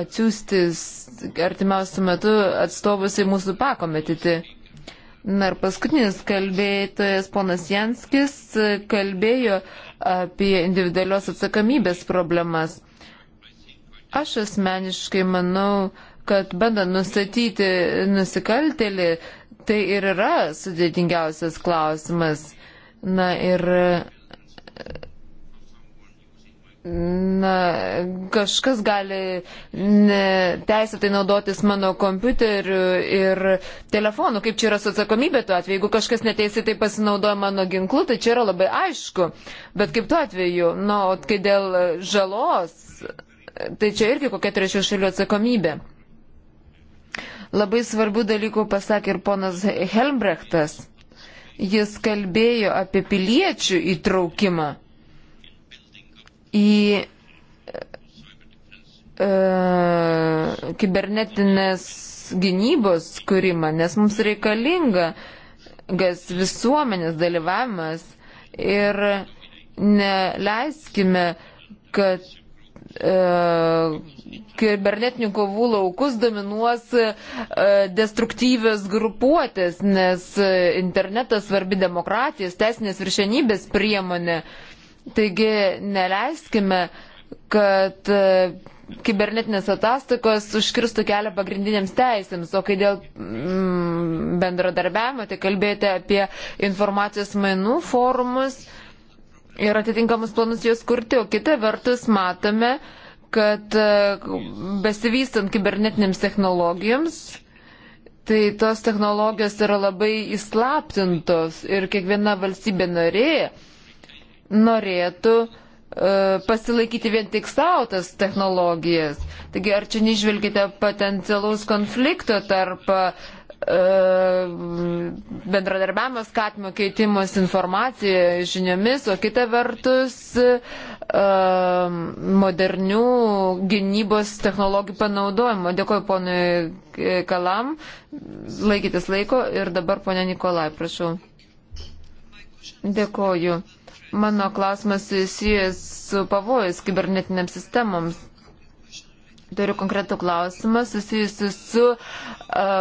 atsiųsti artimiausiu metu atstovus į mūsų pakomityti. Na ir paskutinis kalbėtojas ponas Janskis kalbėjo apie individualios atsakomybės problemas. Aš asmeniškai manau, kad bandant nustatyti nusikaltelį, tai ir yra sudėtingiausias klausimas. Na ir Na, kažkas gali teisėtai naudotis mano kompiuteriu ir telefonu. Kaip čia yra su atsakomybė tuo atveju? Jeigu kažkas neteisėtai pasinaudoja mano ginklu, tai čia yra labai aišku. Bet kaip tuo atveju? Na, o kai dėl žalos, tai čia irgi kokia trečių šalių atsakomybė. Labai svarbių dalykų pasakė ir ponas Helmbrechtas. Jis kalbėjo apie piliečių įtraukimą į e, kibernetinės gynybos skūrimą, nes mums reikalinga gas visuomenės dalyvavimas ir neleiskime, kad e, kibernetinių kovų laukus dominuos e, destruktyvios grupuotės, nes e, internetas svarbi demokratijos, teisinės viršenybės priemonė. E, Taigi neleiskime, kad e, kibernetinės atastakos užkirstų kelią pagrindiniams teisėms, o kai dėl mm, bendradarbiavimo, tai kalbėti apie informacijos mainų forumus ir atitinkamus planus juos kurti, o kita vertus matome, kad e, besivystant kibernetinėms technologijoms, tai tos technologijos yra labai įslaptintos ir kiekviena valstybė norėjo norėtų e, pasilaikyti vien tik sautas technologijas. Taigi ar čia nežvelgite potencialaus konflikto tarp e, bendradarbiavimo skatimo keitimas informacija žiniomis, o kita vertus e, modernių gynybos technologijų panaudojimo. Dėkuoju ponui Kalam, laikytis laiko ir dabar ponia Nikolai, prašau. Dėkuoju. Mano klausimas susijęs su pavojus kibernetiniams sistemoms. Turiu konkretų klausimą susijusiu su uh,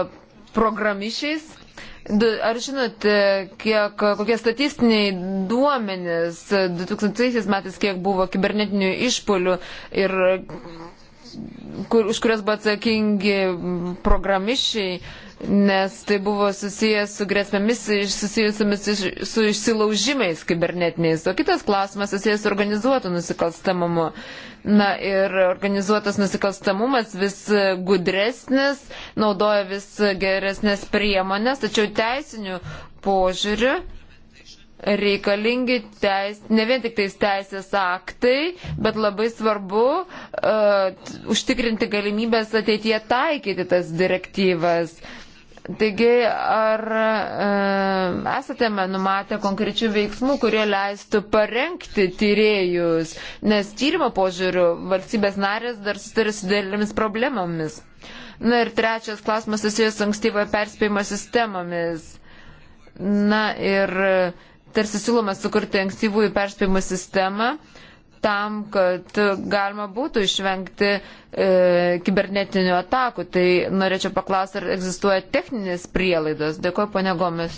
programišiais. Ar žinote, kiek, kokie statistiniai duomenys 2000 metais, kiek buvo kibernetinių išpolių ir kur, už kurias buvo atsakingi programišiai? Uh, nes tai buvo susijęs su grėsmėmis susijusiamis iš, su išsilaužimais kibernetiniais, o kitas klausimas susijęs su organizuotu nusikalstamumu. Na ir organizuotas nusikalstamumas vis gudresnis, naudoja vis geresnės priemonės, tačiau teisinių požiūrių reikalingi teis, ne vien tik tais teisės aktai, bet labai svarbu uh, užtikrinti galimybės ateityje taikyti tas direktyvas. Taigi, ar e, esate numatę konkrečių veiksmų, kurie leistų parengti tyriejus, nes tyrimo požiūriu valstybės narės dar susitarė su dėlėmis problemomis. Na ir trečias klausimas susijęs su ankstyvojo perspėjimo sistemomis. Na ir e, tarsi siūloma sukurti ankstyvųjų perspėjimo sistemą, tam, kad galima būtų išvengti e, kibernetinių atakų. Tai norėčiau paklausti, ar egzistuoja techninės prielaidos. Dėkuoju, ponė Gomis.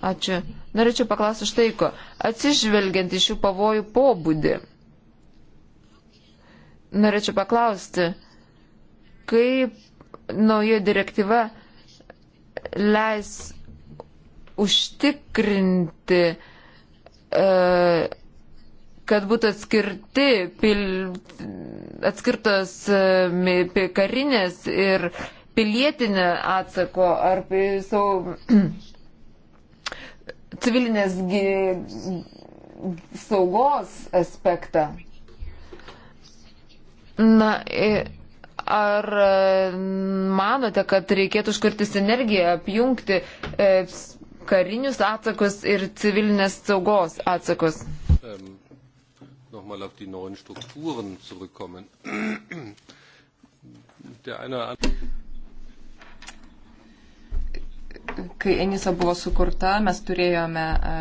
Ačiū. Norėčiau paklausti štai ko. Atsižvelgiant iš jų pavojų pobūdį, norėčiau paklausti, kaip nauja direktyva leis užtikrinti e, kad būtų atskirti pil, atskirtos e, karinės ir pilietinė atsako ar savo civilinės saugos aspektą. Na, ar e, manote, kad reikėtų užkurti sinergiją, apjungti e, karinius atsakus ir civilinės saugos atsakus? Um nochmal auf die neuen Strukturen zurückkommen. Der eine andere kai Enisa buvo sukurta, mes turėjome, e,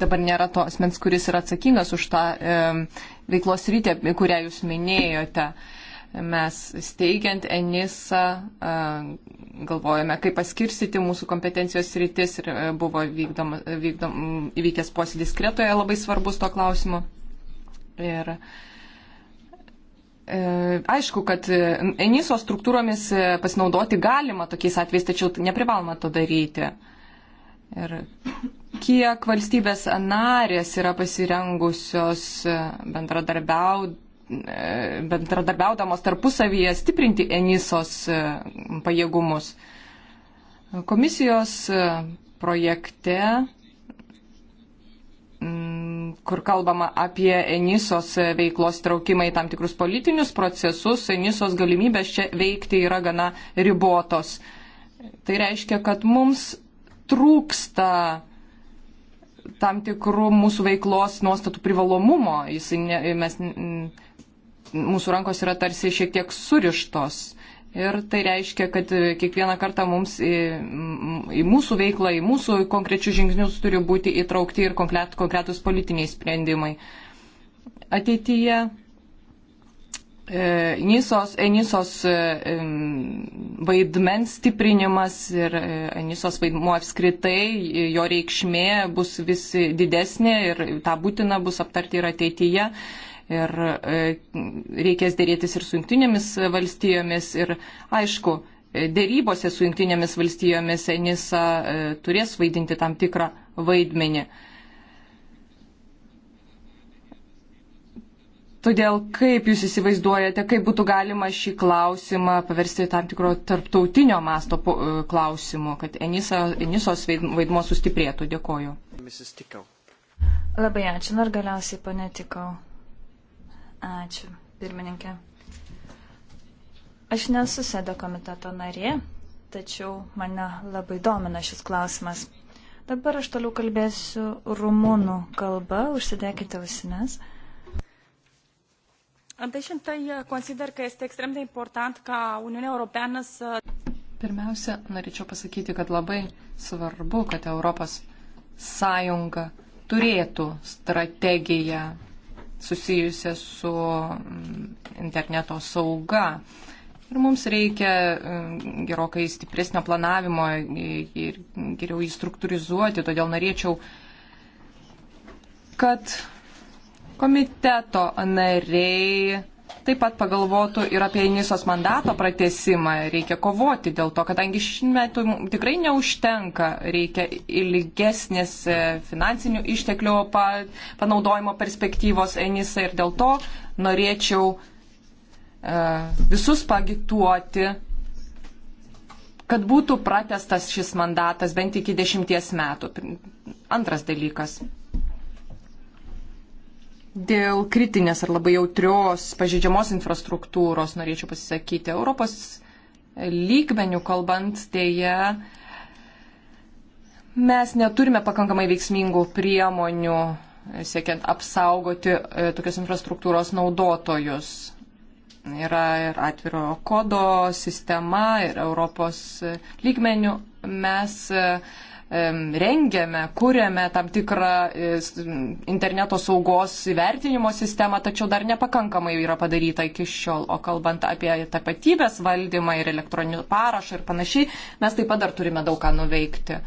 dabar nėra to asmens, kuris yra atsakingas už tą e, veiklos rytę, kurią jūs minėjote. Mes steigiant Enisa e, galvojame, kaip paskirstyti mūsų kompetencijos rytis ir buvo vykdom, vykdom, įvykęs posėdis Kretoje labai svarbus to klausimu. Ir e, Aišku, kad ENISO struktūromis e, pasinaudoti galima tokiais atvejais, tačiau tai neprivaloma to daryti. Ir kiek valstybės narės yra pasirengusios e, bendradarbiauti bendradarbiaudamos tarpusavyje stiprinti Enisos pajėgumus. Komisijos projekte kur kalbama apie Enisos veiklos traukimą į tam tikrus politinius procesus, Enisos galimybės čia veikti yra gana ribotos. Tai reiškia, kad mums trūksta tam tikrų mūsų veiklos nuostatų privalomumo. Jis ne, mes, mūsų rankos yra tarsi šiek tiek surištos. Ir tai reiškia, kad e, kiekvieną kartą mums į, į mūsų veiklą, į mūsų konkrečius žingsnius turi būti įtraukti ir konkret, konkretus politiniai sprendimai. Ateityje e, Nisos, Enisos e, vaidmens stiprinimas ir e, Enisos vaidmuo apskritai, e, jo reikšmė bus vis didesnė ir tą būtina bus aptarti ir ateityje. E, ir e, reikės dėrėtis ir su jungtinėmis valstijomis. Ir aišku, dėrybose su jungtinėmis valstijomis Enisa e, turės vaidinti tam tikrą vaidmenį. Todėl kaip jūs įsivaizduojate, kaip būtų galima šį klausimą paversti tam tikro tarptautinio masto e, klausimu, kad Enisa, Enisos vaidmo sustiprėtų? Dėkoju. Labai ačiū, nors galiausiai panetikau. Ačiū, pirmininkė. Aš nesu sėdo komiteto narė, tačiau mane labai domina šis klausimas. Dabar aš toliau kalbėsiu rumunų kalba, užsidėkite ausines. Întâi și întâi consider că este extrem de important ca Uniunea Europeană să... Pirmiausia, norėčiau pasakyti, kad labai svarbu, kad Europos Sąjunga turėtų strategiją susijusią su mm, interneto sauga. Ir mums reikia mm, gerokai stipresnio planavimo ir geriau jį struktūrizuoti, todėl norėčiau, kad komiteto nariai taip pat pagalvotų ir apie Enisos mandato pratesimą. Reikia kovoti dėl to, kadangi šimtmetų tikrai neužtenka, reikia ilgesnės e, finansinių išteklių panaudojimo perspektyvos Enisai ir dėl to norėčiau e, visus pagituoti kad būtų pratestas šis mandatas bent iki dešimties metų. Antras dalykas. Dėl kritinės ar labai jautrios pažeidžiamos infrastruktūros norėčiau pasisakyti. Europos lygmenių kalbant, dėja, mes neturime pakankamai veiksmingų priemonių siekiant apsaugoti e, tokios infrastruktūros naudotojus. Yra ir atviro kodo sistema, ir Europos lygmenių mes e, rengiame, kuriame tam tikrą e, interneto saugos įvertinimo sistemą, tačiau dar nepakankamai yra padaryta iki šiol. O kalbant apie tapatybės valdymą ir elektroninį parašą ir panašiai, mes taip pat dar turime daug ką nuveikti.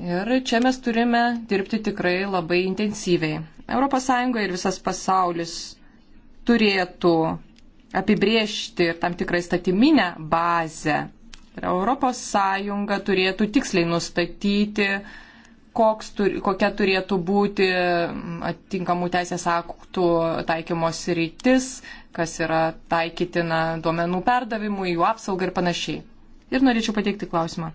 Ir čia mes turime dirbti tikrai labai intensyviai. ES ir visas pasaulis turėtų apibriežti tam tikrą įstatyminę bazę Europos Sąjunga turėtų tiksliai nustatyti, koks, kokia turėtų būti atitinkamų teisės aktų taikymos rytis, kas yra taikytina duomenų perdavimui, jų apsaugai ir panašiai. Ir norėčiau pateikti klausimą.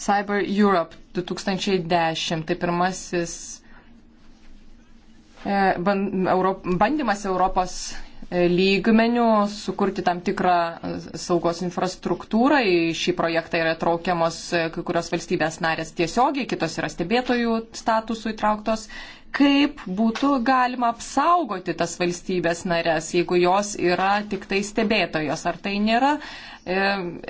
Cyber Europe 2010, tai pirmasis e, bandymas Europos lygmenių sukurti tam tikrą e, saugos infrastruktūrą. Į šį projektą yra traukiamos e, kai kurios valstybės narės tiesiogiai, kitos yra stebėtojų statusų įtrauktos. Kaip būtų galima apsaugoti tas valstybės narės, jeigu jos yra tik tai stebėtojos? Ar tai nėra, e,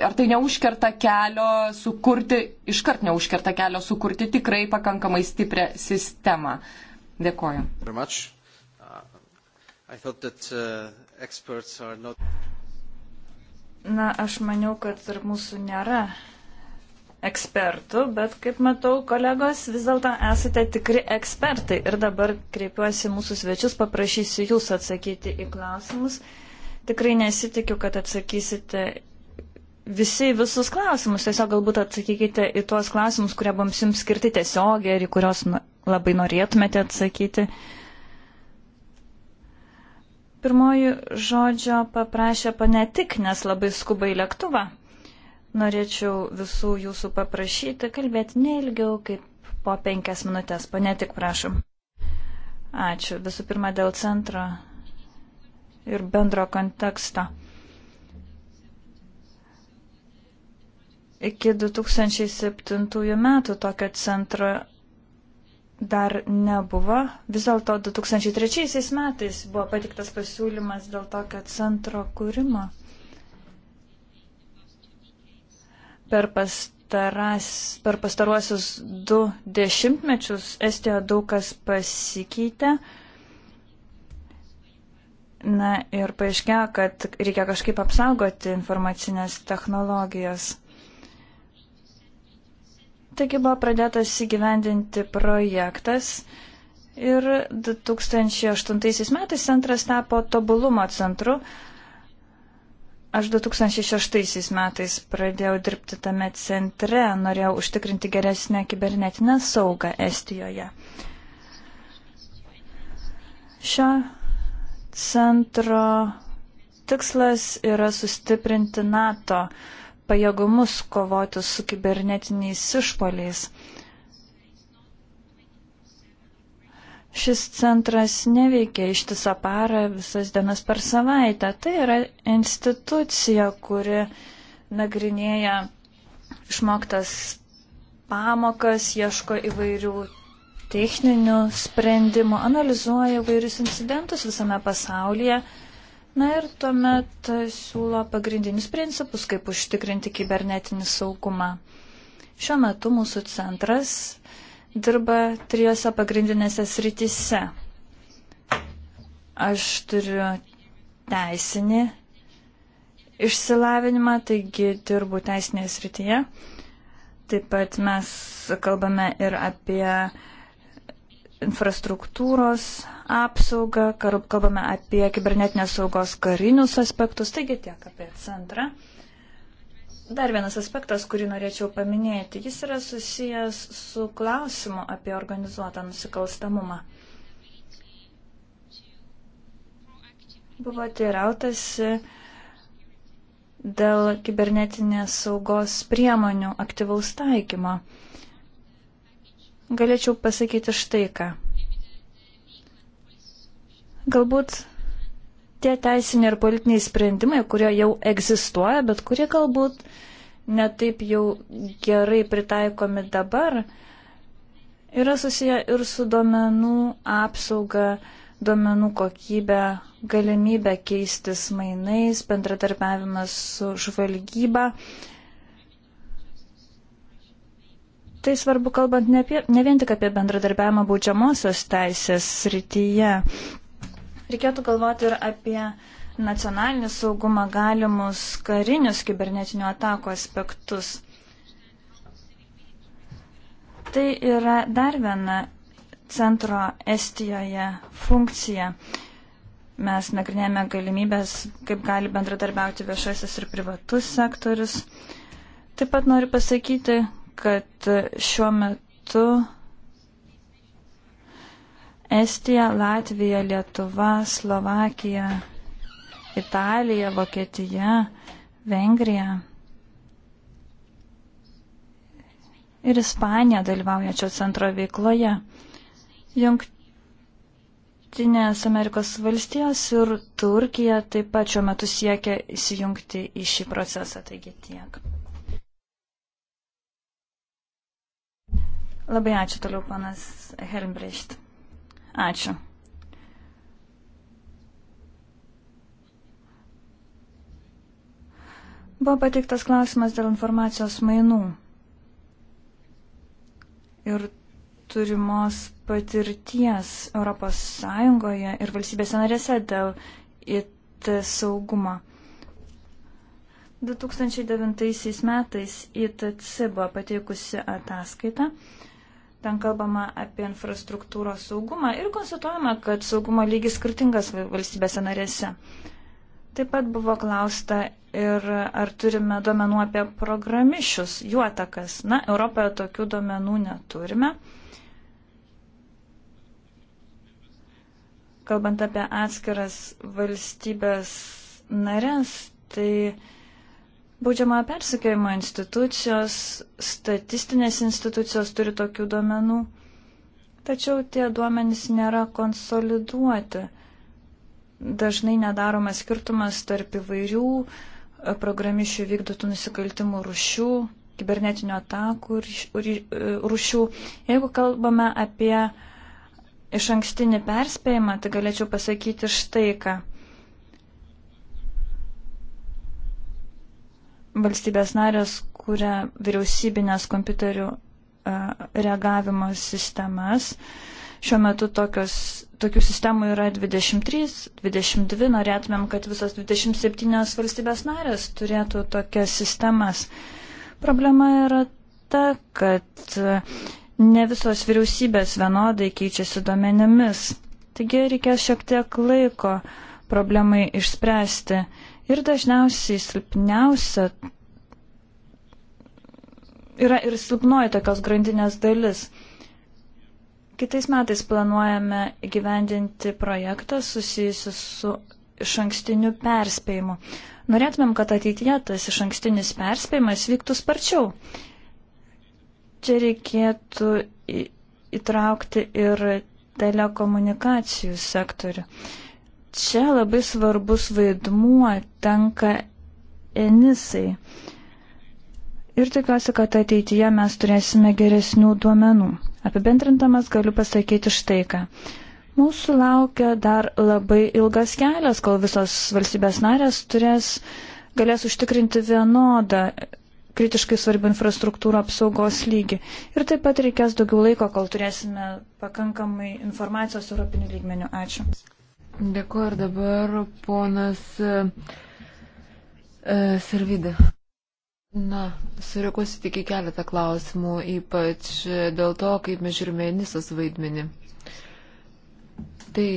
ar tai neužkerta kelio sukurti, iškart neužkerta kelio sukurti tikrai pakankamai stiprią sistemą? Dėkoju. Very much. Uh, Na, aš maniau, kad ir mūsų nėra ekspertų, bet kaip matau, kolegos, vis dėlto esate tikri ekspertai. Ir dabar kreipiuosi mūsų svečius, paprašysiu jūs atsakyti į klausimus. Tikrai nesitikiu, kad atsakysite visi visus klausimus, tiesiog galbūt atsakykite į tuos klausimus, kurie mums jums skirti tiesiogiai ir į kuriuos nu, labai norėtumėte atsakyti. Pirmoji žodžio paprašė pane tik, nes labai skubai lėktuvą. Norėčiau visų jūsų paprašyti kalbėti neilgiau kaip po penkias minutės. Pane tik, prašom. Ačiū. Visų pirma, dėl centro ir bendro konteksto. Iki 2007 metų tokio centro dar nebuvo. Vis dėlto 2003 metais buvo patiktas pasiūlymas dėl tokio centro kūrimo. Per, pastaras, per pastaruosius du dešimtmečius Estijoje daug kas pasikeitė. Na ir paaiškėjo, kad reikia kažkaip apsaugoti informacinės technologijas. Taigi buvo pradėtas įgyvendinti projektas ir 2008 metais centras tapo tobulumo centru. Aš 2006 metais pradėjau dirbti tame centre, norėjau užtikrinti geresnę kibernetinę saugą Estijoje. Šio centro tikslas yra sustiprinti NATO uh, pajėgumus kovoti su kibernetiniais išpoliais. Šis centras neveikia ištisą parą visas dienas per savaitę. Tai yra institucija, kuri nagrinėja išmoktas pamokas, ieško įvairių techninių sprendimų, analizuoja įvairius incidentus visame pasaulyje Na ir tuomet siūlo pagrindinius principus, kaip užtikrinti kibernetinį saugumą. Šiuo metu mūsų centras dirba trijose pagrindinėse srityse. Aš turiu teisinį išsilavinimą, taigi dirbu teisinėje srityje. Taip pat mes kalbame ir apie infrastruktūros apsaugą, kalbame apie kibernetinės saugos karinius aspektus, taigi tiek apie centrą. Dar vienas aspektas, kurį norėčiau paminėti, jis yra susijęs su klausimu apie organizuotą nusikalstamumą. Buvo teirautasi dėl kibernetinės saugos priemonių aktyvaus taikymo galėčiau pasakyti štai ką. Galbūt tie teisiniai ir politiniai sprendimai, kurie jau egzistuoja, bet kurie galbūt netaip jau gerai pritaikomi dabar, yra susiję ir su duomenų apsauga, duomenų kokybė, galimybė keistis mainais, bendradarbiavimas su žvalgyba. Uh, Tai svarbu kalbant ne, apie, ne vien tik apie bendradarbiavimą baudžiamosios teisės srityje. Reikėtų galvoti ir apie nacionalinį saugumą galimus karinius kibernetinių atakų aspektus. Tai yra dar viena centro Estijoje funkcija. Mes nagrinėjame galimybės, kaip gali bendradarbiauti viešasis ir privatus sektorius. Taip pat noriu pasakyti, kad šiuo metu Estija, Latvija, Lietuva, Slovakija, Italija, Vokietija, Vengrija ir Ispanija dalyvauja šio centro veikloje. Junktinės Amerikos valstijos ir Turkija taip pat šiuo metu siekia įsijungti į šį procesą, taigi tiek. Labai ačiū toliau, panas Helmbrecht. Ačiū. Buvo pateiktas klausimas dėl informacijos mainų ir turimos patirties ES ir valstybėse narėse dėl IT saugumo. 2009 metais ITC buvo pateikusi ataskaitą Ten kalbama apie infrastruktūros saugumą ir konstatuojama, kad saugumo lygis skirtingas valstybėse narėse. Taip pat buvo klausta ir ar turime duomenų apie programišius, juotakas. Na, Europoje tokių duomenų neturime. Kalbant apie atskiras valstybės narės, tai uh, Baudžiamojo persikėjimo institucijos, statistinės institucijos turi tokių duomenų, tačiau tie duomenys nėra konsoliduoti. Dažnai nedaromas skirtumas tarp įvairių e, programišių vykdytų nusikaltimų rušių, kibernetinių atakų rušių. E, Jeigu kalbame apie iš ankstinį perspėjimą, tai galėčiau pasakyti štai ką. valstybės narės kūrė vyriausybinės kompiuterių e, reagavimo sistemas. Šiuo metu tokios, tokių sistemų yra 23, 22, norėtumėm, kad visos 27 valstybės narės turėtų tokias sistemas. Problema yra ta, kad e, ne visos vyriausybės vienodai keičiasi duomenimis. Taigi reikės šiek tiek laiko problemai išspręsti. Uh, Ir dažniausiai silpniausia yra ir silpnoji tokios grandinės dalis. Kitais metais planuojame gyvendinti projektą susijusiu su iš ankstiniu perspėjimu. Norėtumėm, kad ateityje tas iš ankstinis perspėjimas vyktų sparčiau. Čia reikėtų įtraukti ir telekomunikacijų sektorių. Čia labai svarbus vaidmuo tenka Enisai. Ir tikiuosi, kad ateityje mes turėsime geresnių duomenų. Apibendrintamas galiu pasakyti štai ką. Mūsų laukia dar labai ilgas kelias, kol visos valstybės narės turės, galės užtikrinti vienodą kritiškai svarbi infrastruktūra apsaugos lygį. Ir taip pat reikės daugiau laiko, kol turėsime pakankamai informacijos europinių lygmenių. Ačiū. Dėkuoju ir dabar ponas e, e Servida. Na, sureaguosiu tik į keletą klausimų, ypač dėl to, kaip mes žiūrime Nisos vaidmenį. Tai,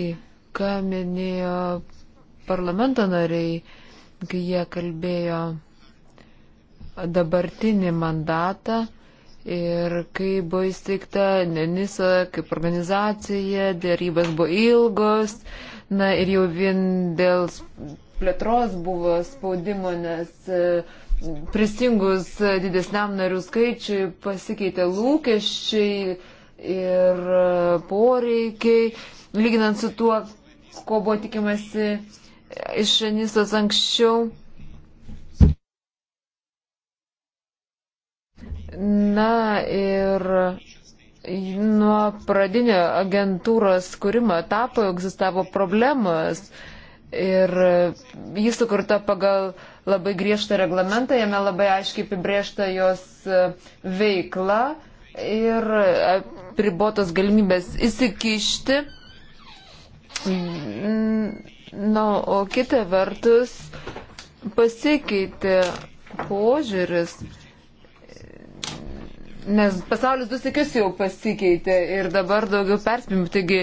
ką minėjo parlamento nariai, kai jie kalbėjo dabartinį mandatą, Ir kai buvo įsteigta Nenisa kaip organizacija, dėrybas buvo ilgos, uh, Na ir jau vien dėl plėtros buvo spaudimo, nes e, prisingus didesniam narių skaičiui pasikeitė lūkesčiai ir e, poreikiai, lyginant su tuo, ko buvo tikimasi iš Anisos anksčiau. Na ir nuo pradinio agentūros kūrimo etapo egzistavo problemos ir jis sukurta pagal labai griežtą reglamentą, jame labai aiškiai apibriešta jos e, veikla ir pribotos galimybės įsikišti. Na, o kita vertus pasikeitė požiūris Nes pasaulis du sikius jau pasikeitė ir dabar daugiau perspėjimų. Taigi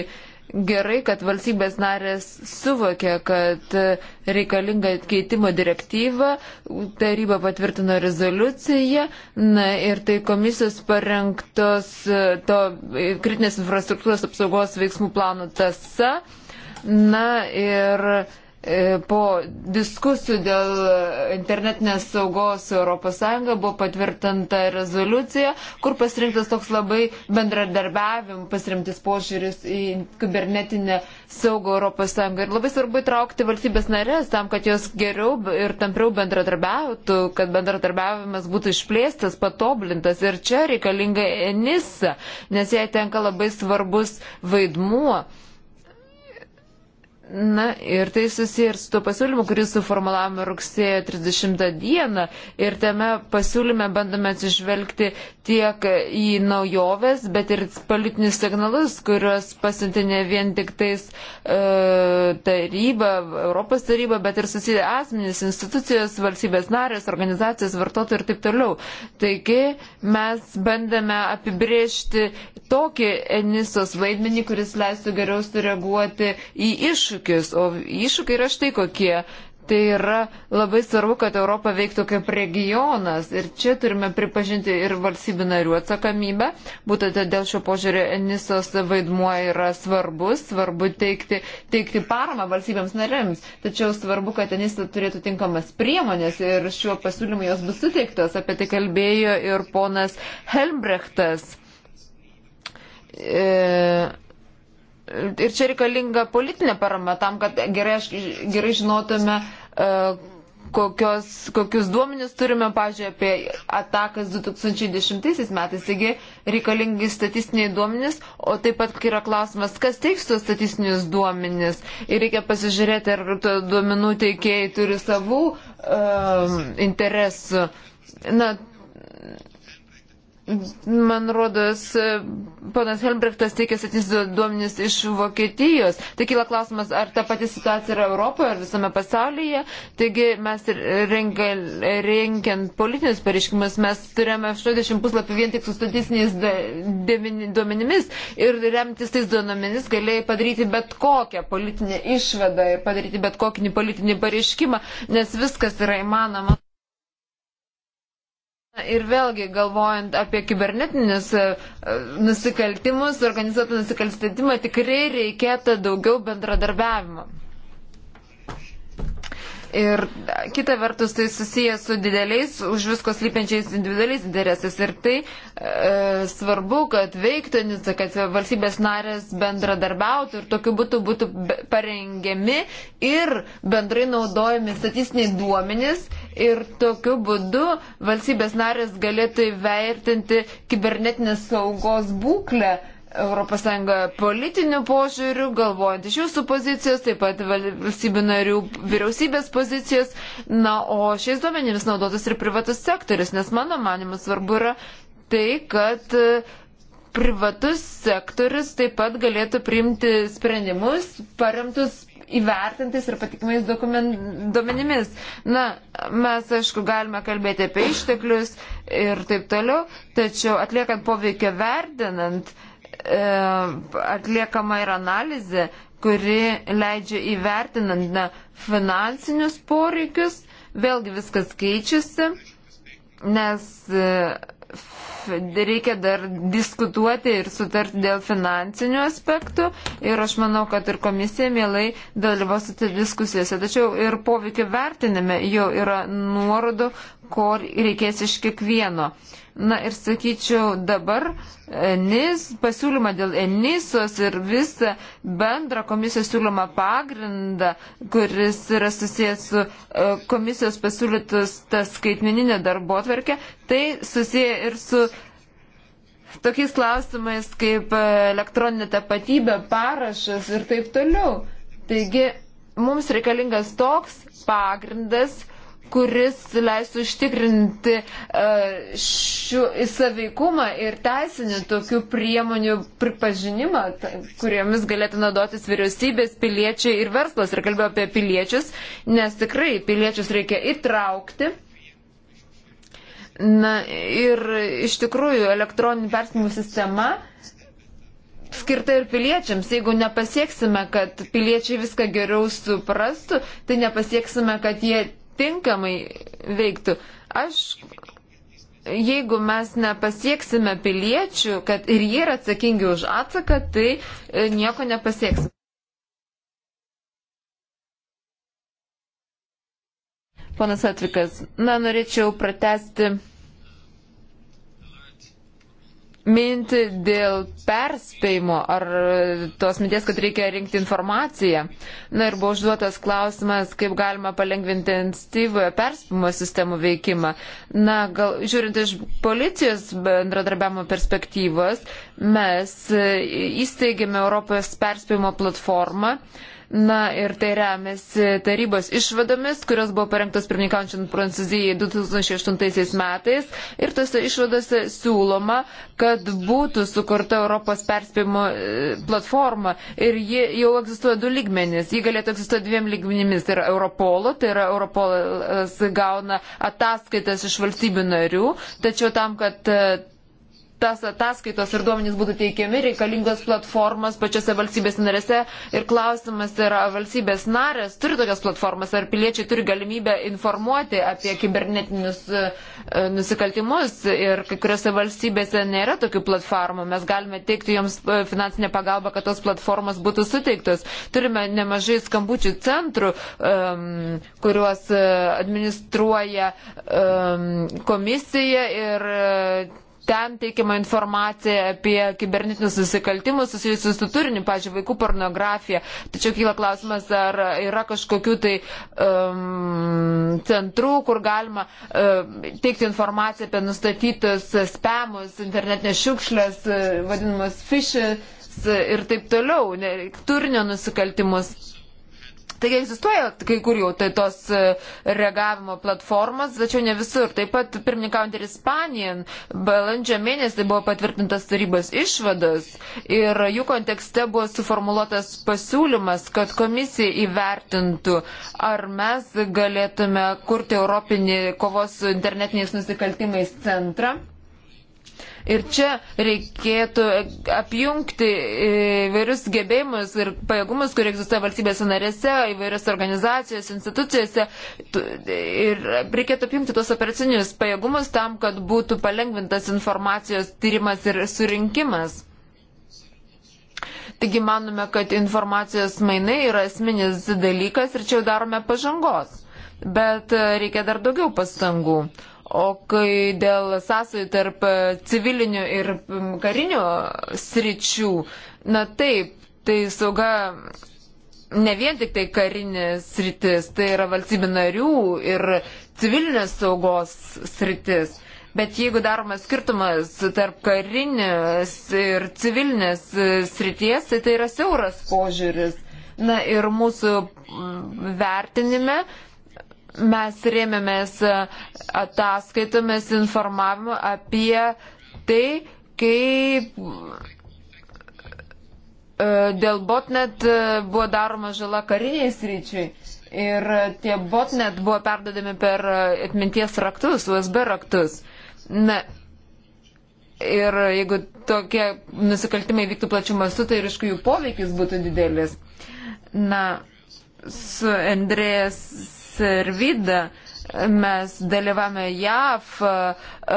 gerai, kad valstybės narės suvokė, kad reikalinga keitimo direktyva, taryba patvirtino rezoliuciją na, ir tai komisijos parengtos to kritinės infrastruktūros apsaugos veiksmų plano tasa. Na ir E, po diskusijų dėl internetinės saugos ES buvo patvirtinta rezoliucija, kur pasirinktas toks labai bendradarbiavim, pasirinktas požiūris į kibernetinę saugą ES. Ir labai svarbu įtraukti valstybės narės tam, kad jos geriau ir tampriau bendradarbiautų, kad bendradarbiavimas būtų išplėstas, patoblintas. Ir čia reikalinga ENISA, nes jai tenka labai svarbus vaidmuo. Na ir tai susiję ir su tuo pasiūlymu, kurį suformulavome rugsėjo 30 dieną. Ir tame pasiūlyme bandome atsižvelgti tiek į naujoves, bet ir politinius signalus, kuriuos pasiuntinė vien tik tais e, taryba, Europos taryba, bet ir susiję asmenys, institucijos, valstybės narės, organizacijos, vartotojai ir taip toliau. Taigi mes bandėme apibriežti tokį Enisos vaidmenį, kuris leistų geriau sureaguoti į iššūkį iššūkius, o iššūkiai yra štai kokie. Tai yra labai svarbu, kad Europa veiktų kaip regionas ir čia turime pripažinti ir valstybių narių atsakomybę. Būtent dėl šio požiūrio Enisos vaidmuo yra svarbus, svarbu teikti, teikti paramą valstybėms narėms, tačiau svarbu, kad Enisa turėtų tinkamas priemonės ir šiuo pasiūlymu jos bus suteiktos. Apie tai kalbėjo ir ponas Helmbrechtas. E Ir čia reikalinga politinė parama tam, kad gerai, gerai žinotume, e, kokios, kokius duomenis turime, pažiūrėjau, apie atakas 2010 metais. Taigi reikalingi statistiniai duomenys, o taip pat yra klausimas, kas teiks tuos statistinius duomenys. Ir reikia pasižiūrėti, ar to duomenų teikėjai turi savų um, interesų. Na, Man rodos, ponas Helmbrechtas teikia statistinius duomenys iš Vokietijos. Tai kyla klausimas, ar ta pati situacija yra Europoje ar visame pasaulyje. Taigi mes renkiant politinius pareiškimus, mes turėjome 80 puslapį vien tik su statistiniais duomenimis ir remtis tais duomenimis galėjai padaryti bet kokią politinę išvadą ir padaryti bet kokį politinį pareiškimą, nes viskas yra įmanoma. Ir vėlgi, galvojant apie kibernetinius e, e, nusikaltimus, organizuotą nusikalstamumą, tikrai reikėtų daugiau bendradarbiavimo. Ir kita vertus tai susijęs su dideliais, už viskos lypiančiais individualiais interesais. Ir tai e, svarbu, kad veiktų, kad valstybės narės bendradarbiautų ir tokiu būtų būtų parengiami ir bendrai naudojami statistiniai duomenys ir tokiu būdu valstybės narės galėtų įvertinti kibernetinės saugos būklę. ES politinių požiūrių, galvojant iš jūsų pozicijos, taip pat valstybių narių vyriausybės pozicijos. Na, o šiais duomenimis naudotas ir privatus sektorius, nes mano manimas svarbu yra tai, kad e, privatus sektorius taip pat galėtų priimti sprendimus paremtus įvertintais ir patikimais duomenimis. Na, mes, aišku, galime kalbėti apie išteklius ir taip toliau, tačiau atliekant poveikio verdinant, e, atliekama ir analizė, kuri leidžia įvertinant na, finansinius poreikius, vėlgi viskas keičiasi, nes. E, reikia dar diskutuoti ir sutarti dėl finansinių aspektų ir aš manau, kad ir komisija mielai dalyvausite diskusijose. Tačiau ir poveikio vertinime jau yra nuorodų, ko reikės iš kiekvieno. Na ir sakyčiau, dabar ENIS, pasiūlymą dėl ENISOS ir visą bendrą komisijos siūlomą pagrindą, kuris yra susijęs su e, komisijos pasiūlytus tą skaitmeninę darbo atverkę, tai susiję ir su tokiais klausimais kaip e, elektroninė tapatybė, parašas ir taip toliau. Taigi mums reikalingas toks pagrindas, kuris leistų užtikrinti e, šių įsaveikumą ir teisinį tokių priemonių pripažinimą, kuriomis galėtų naudotis vyriausybės, piliečiai ir verslas. Ir kalbėjau apie piliečius, nes tikrai piliečius reikia įtraukti. Na ir iš tikrųjų elektroninių perspėjimų sistema skirta ir piliečiams. Jeigu nepasieksime, kad piliečiai viską geriau suprastų, tai nepasieksime, kad jie tinkamai veiktų. Aš, jeigu mes nepasieksime piliečių, kad ir jie yra atsakingi už atsaką, tai e, nieko nepasieksime. Ponas Atvikas, na, norėčiau pratesti mintį dėl perspėjimo ar tos minties, kad reikia rinkti informaciją. Na ir buvo užduotas klausimas, kaip galima palengvinti ankstyvojo perspėjimo sistemų veikimą. Na, gal žiūrint iš policijos bendradarbiavimo perspektyvos, mes įsteigėme Europos perspėjimo platformą. Uh, Na ir tai remiasi tarybos išvadomis, kurios buvo parengtos pirmininkaujančiant Prancūzijai 2008 metais. Ir tose išvadose siūloma, kad būtų sukurta Europos perspėjimo e, platforma. Ir ji jau egzistuoja du lygmenys. Ji galėtų egzistuoti dviem lygmenimis. Tai yra Europolo, tai yra Europolas gauna ataskaitas iš valstybių narių. Tačiau tam, kad e, tas ataskaitos ir duomenys būtų teikiami, reikalingos platformas pačiose valstybės narėse. Ir klausimas yra, valstybės narės turi tokias platformas, ar piliečiai turi galimybę informuoti apie kibernetinius e, e, nusikaltimus. Ir kai kuriuose valstybėse nėra tokių platformų. Mes galime teikti joms e, finansinę pagalbą, kad tos platformos būtų suteiktos. Turime nemažai skambučių centrų, um, kuriuos administruoja um, komisija. Ir, ten teikiama informacija apie kibernetinius nusikaltimus susijusius su turiniu, pažiūrėjau, vaikų pornografija. Tačiau kyla klausimas, ar yra kažkokių tai um, centrų, kur galima um, teikti informaciją apie nustatytus spemus, internetinės šiukšlės, uh, vadinamas fishes ir taip toliau, ne, turinio nusikaltimus. Taigi egzistuoja kai kur jau tai tos e, reagavimo platformas, tačiau ne visur. Taip pat pirmininkaujant ir Ispanijan, balandžio mėnesį buvo patvirtintas tarybos išvados ir jų kontekste buvo suformuoluotas pasiūlymas, kad komisija įvertintų, ar mes galėtume kurti Europinį kovos su internetiniais nusikaltimais centrą. Ir čia reikėtų apjungti e, įvairius gebėjimus ir pajėgumus, kurie egzistuoja valstybėse narėse, įvairiose organizacijose, institucijose. Ir reikėtų apjungti tuos operacinius pajėgumus tam, kad būtų palengvintas informacijos tyrimas ir surinkimas. Taigi manome, kad informacijos mainai yra esminis dalykas ir čia jau darome pažangos. Bet e, reikia dar daugiau pastangų. O kai dėl sąsajų tarp e, civilinių ir karinių sričių, na taip, tai sauga ne vien tik tai karinės sritis, tai yra valstybių narių ir civilinės saugos sritis. Bet jeigu daromas skirtumas tarp karinės ir civilinės e, srities, tai tai yra siauras požiūris. Na ir mūsų vertinime Mes rėmėmės e, ataskaitomis informavimu apie tai, kaip e, dėl botnet e, buvo daroma žala kariniais ryčiai. Ir tie botnet buvo perdodami per atminties raktus, USB raktus. Na, ir jeigu tokie nusikaltimai vyktų plačių mastų, tai ir iš jų poveikis būtų didelis. Na, su Andrėjas Sirvida. Mes dalyvame JAV e, e,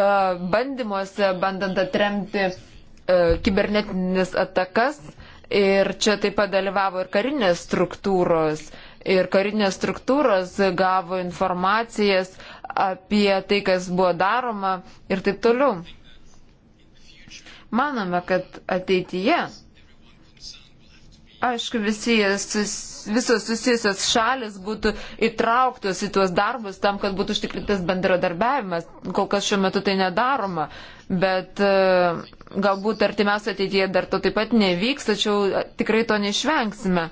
bandymuose, bandant atremti e, kibernetinės atakas. Ir čia taip pat dalyvavo ir karinės struktūros. Ir karinės struktūros gavo informacijas apie tai, kas buvo daroma ir taip toliau. Manome, kad ateityje, aišku, visi susiję visos susijusios šalis būtų įtrauktos į tuos darbus tam, kad būtų užtikrintas bendradarbiavimas. Kol kas šiuo metu tai nedaroma, bet e, galbūt artimiausia ateityje dar to taip pat nevyks, tačiau e, tikrai to neišvengsime.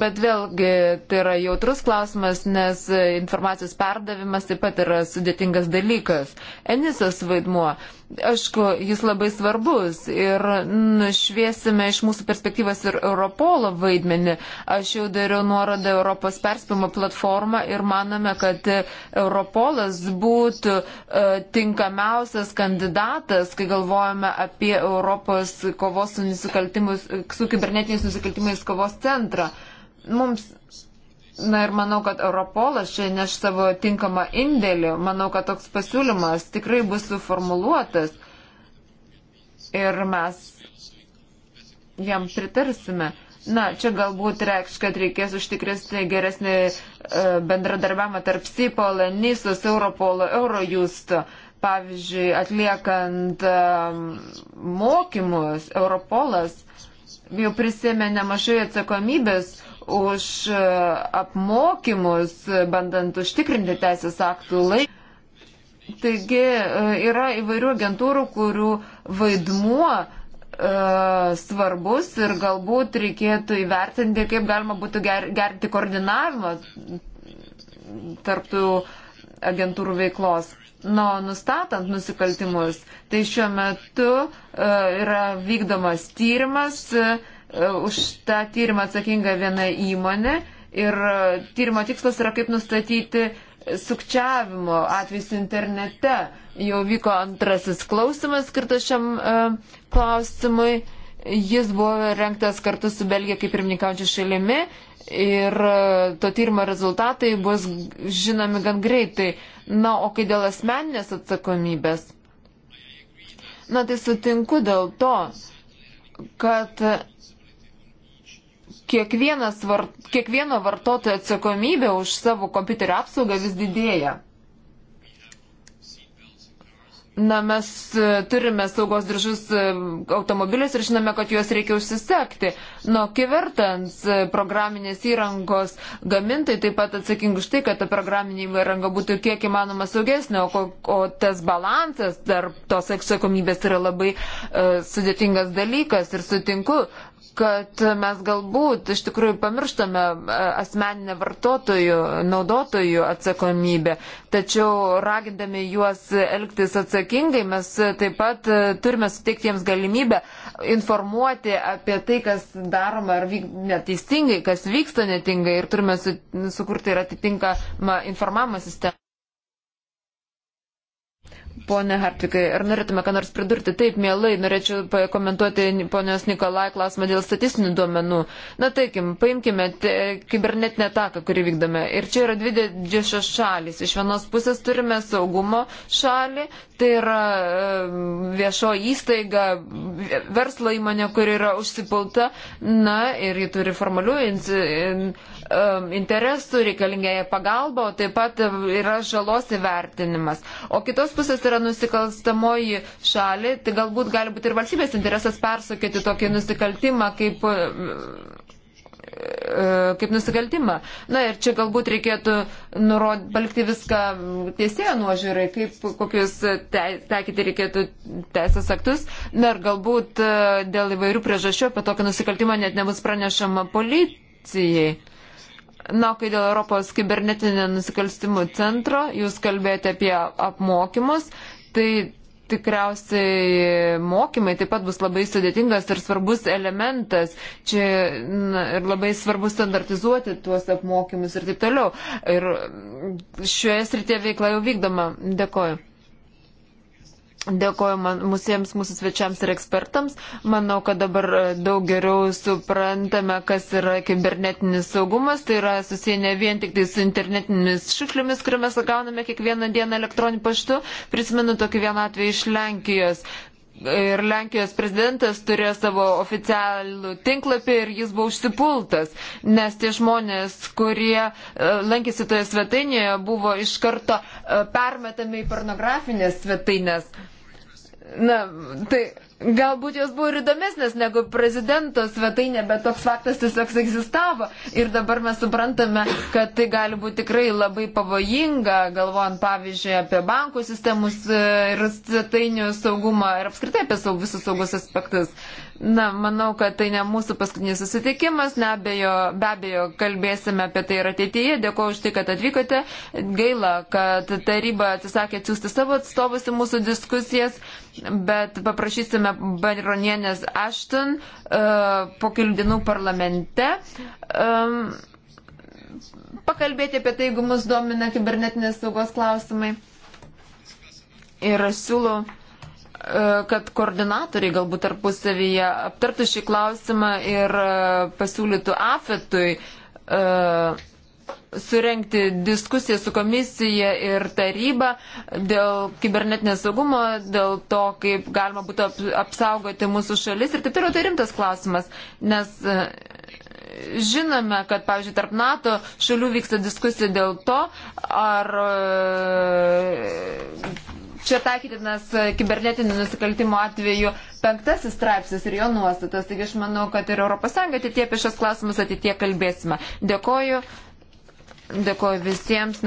Bet vėlgi tai yra jautrus klausimas, nes e, informacijos perdavimas taip pat yra sudėtingas dalykas. Enisas vaidmuo. Aišku, jis labai svarbus ir nušviesime iš mūsų perspektyvas ir Europolo vaidmenį. Aš jau dariau nuorodą Europos perspėjimo platformą ir manome, kad Europolas būtų e, tinkamiausias kandidatas, kai galvojame apie Europos kovos su, su kibernetiniais nusikaltimais kovos centrą. Mums Na ir manau, kad Europolas čia neš savo tinkamą indėlį. Manau, kad toks pasiūlymas tikrai bus suformuluotas ir mes jam pritarsime. Na, čia galbūt reikš, kad reikės užtikrinti geresnį e, bendradarbiavimą tarp SIPOL, NISOS, Europolo, Eurojusto. Pavyzdžiui, atliekant e, mokymus, Europolas jau prisėmė nemažai atsakomybės už e, apmokymus, bandant užtikrinti teisės aktų laiką. Taigi e, yra įvairių agentūrų, kurių vaidmuo e, svarbus ir galbūt reikėtų įvertinti, kaip galima būtų ger, gerinti koordinavimą tarptų agentūrų veiklos. Nu, nustatant nusikaltimus, tai šiuo metu e, yra vykdomas tyrimas. E, Už tą tyrimą atsakinga viena įmonė ir e, tyrimo tikslas yra kaip nustatyti sukčiavimo atvejs internete. Jau vyko antrasis klausimas skirtas šiam e, klausimui. Jis buvo renktas kartu su Belgija kaip pirmininkaujančia šalimi ir e, to tyrimo rezultatai bus žinomi gan greitai. Na, o kai dėl asmeninės atsakomybės? Na, tai sutinku dėl to, kad vart, kiekvieno vartotojo atsakomybė už savo kompiuterio apsaugą vis didėja. Na, mes e, turime saugos diržus e, automobilius ir žinome, kad juos reikia užsisekti. Nuo kivertans e, programinės įrangos gamintai taip pat atsakingi už tai, kad ta programinė įranga būtų kiek įmanoma saugesnė, o, o tas balansas tarp tos atsakomybės yra labai uh, sudėtingas dalykas ir sutinku, kad mes galbūt iš tikrųjų pamirštame e, asmeninę vartotojų, naudotojų atsakomybę, tačiau ragindami juos elgtis atsakingai, mes taip pat e, turime suteikti jiems galimybę informuoti apie tai, kas daroma ar vyk, neteisingai, kas vyksta netingai ir turime su, sukurti ir atitinkamą informavimo sistemą. Pone Hartvikai, ar norėtume ką nors pridurti? Taip, mielai, norėčiau pakomentuoti ponios Nikolai klausimą dėl statistinių duomenų. Na, taikim, paimkime kibernetinę ataką, kurį vykdome. Ir čia yra dvi didžiosios šalis. Iš vienos pusės turime saugumo šalį, tai yra viešo įstaiga, verslo įmonė, kur yra užsipulta, na ir ji turi formalių in, in, interesų, reikalingai pagalba, o taip pat yra žalos įvertinimas. O kitos pusės yra nusikalstamoji šalį, tai galbūt gali būti ir valstybės interesas persukėti tokį nusikaltimą kaip E, kaip nusikaltimą. Na ir čia galbūt reikėtų nurod, palikti viską teisėjo nuožiūrai, kaip kokius te, taikyti reikėtų teisės aktus. Na ir galbūt e, dėl įvairių priežasčių apie tokį nusikaltimą net nebus pranešama policijai. Na, kai dėl Europos kibernetinio nusikalstimų centro jūs kalbėjote apie apmokymus, tai tikriausiai mokymai taip pat bus labai sudėtingas ir svarbus elementas. Čia na, ir labai svarbu standartizuoti tuos apmokymus ir taip toliau. Ir šioje srityje veikla jau vykdoma. Dėkoju. Dėkoju man, musiems mūsų svečiams ir ekspertams. Manau, kad dabar e, daug geriau suprantame, kas yra kibernetinis saugumas. Tai yra susiję ne vien tik tai su internetinėmis šiukšlėmis, kuriuo mes gauname kiekvieną dieną elektroniniu paštu. Prisimenu tokį vieną atvejį iš Lenkijos ir Lenkijos prezidentas turėjo savo oficialų tinklapį ir jis buvo užsipultas, nes tie žmonės, kurie e, lankėsi toje svetainėje, buvo iš karto e, permetami į pornografinės svetainės. Na, tai Galbūt jos buvo ir įdomesnės negu prezidento svetainė, bet toks faktas tiesiog egzistavo. Ir dabar mes suprantame, kad tai gali būti tikrai labai pavojinga, galvojant pavyzdžiui apie bankų sistemus e, ir svetainių saugumą ir apskritai apie saug, visus saugus aspektus. Na, manau, kad tai ne mūsų paskutinis susitikimas, ne abejo, be abejo, kalbėsime apie tai ir ateityje. Dėkuoju už tai, kad atvykote. Gaila, kad taryba atsisakė atsiųsti savo atstovus į mūsų diskusijas bet paprašysime baronienės Ashton uh, po kelių dienų parlamente um, pakalbėti apie tai, jeigu mus domina kibernetinės saugos klausimai. Ir aš siūlau, uh, kad koordinatoriai galbūt tarpusavyje aptartų šį klausimą ir uh, pasiūlytų afetui uh, surenkti diskusiją su komisija ir taryba dėl kibernetinės saugumo, dėl to, kaip galima būtų apsaugoti mūsų šalis ir taip toliau. Tai rimtas klausimas, nes e, žinome, kad, pavyzdžiui, tarp NATO šalių vyksta diskusija dėl to, ar e, čia taikytinas kibernetinių nusikaltimų atveju penktasis straipsnis ir jo nuostatas. Taigi aš manau, kad ir ES ateitie apie šios klausimus ateitie kalbėsime. Dėkoju. Dėkuoju visiems.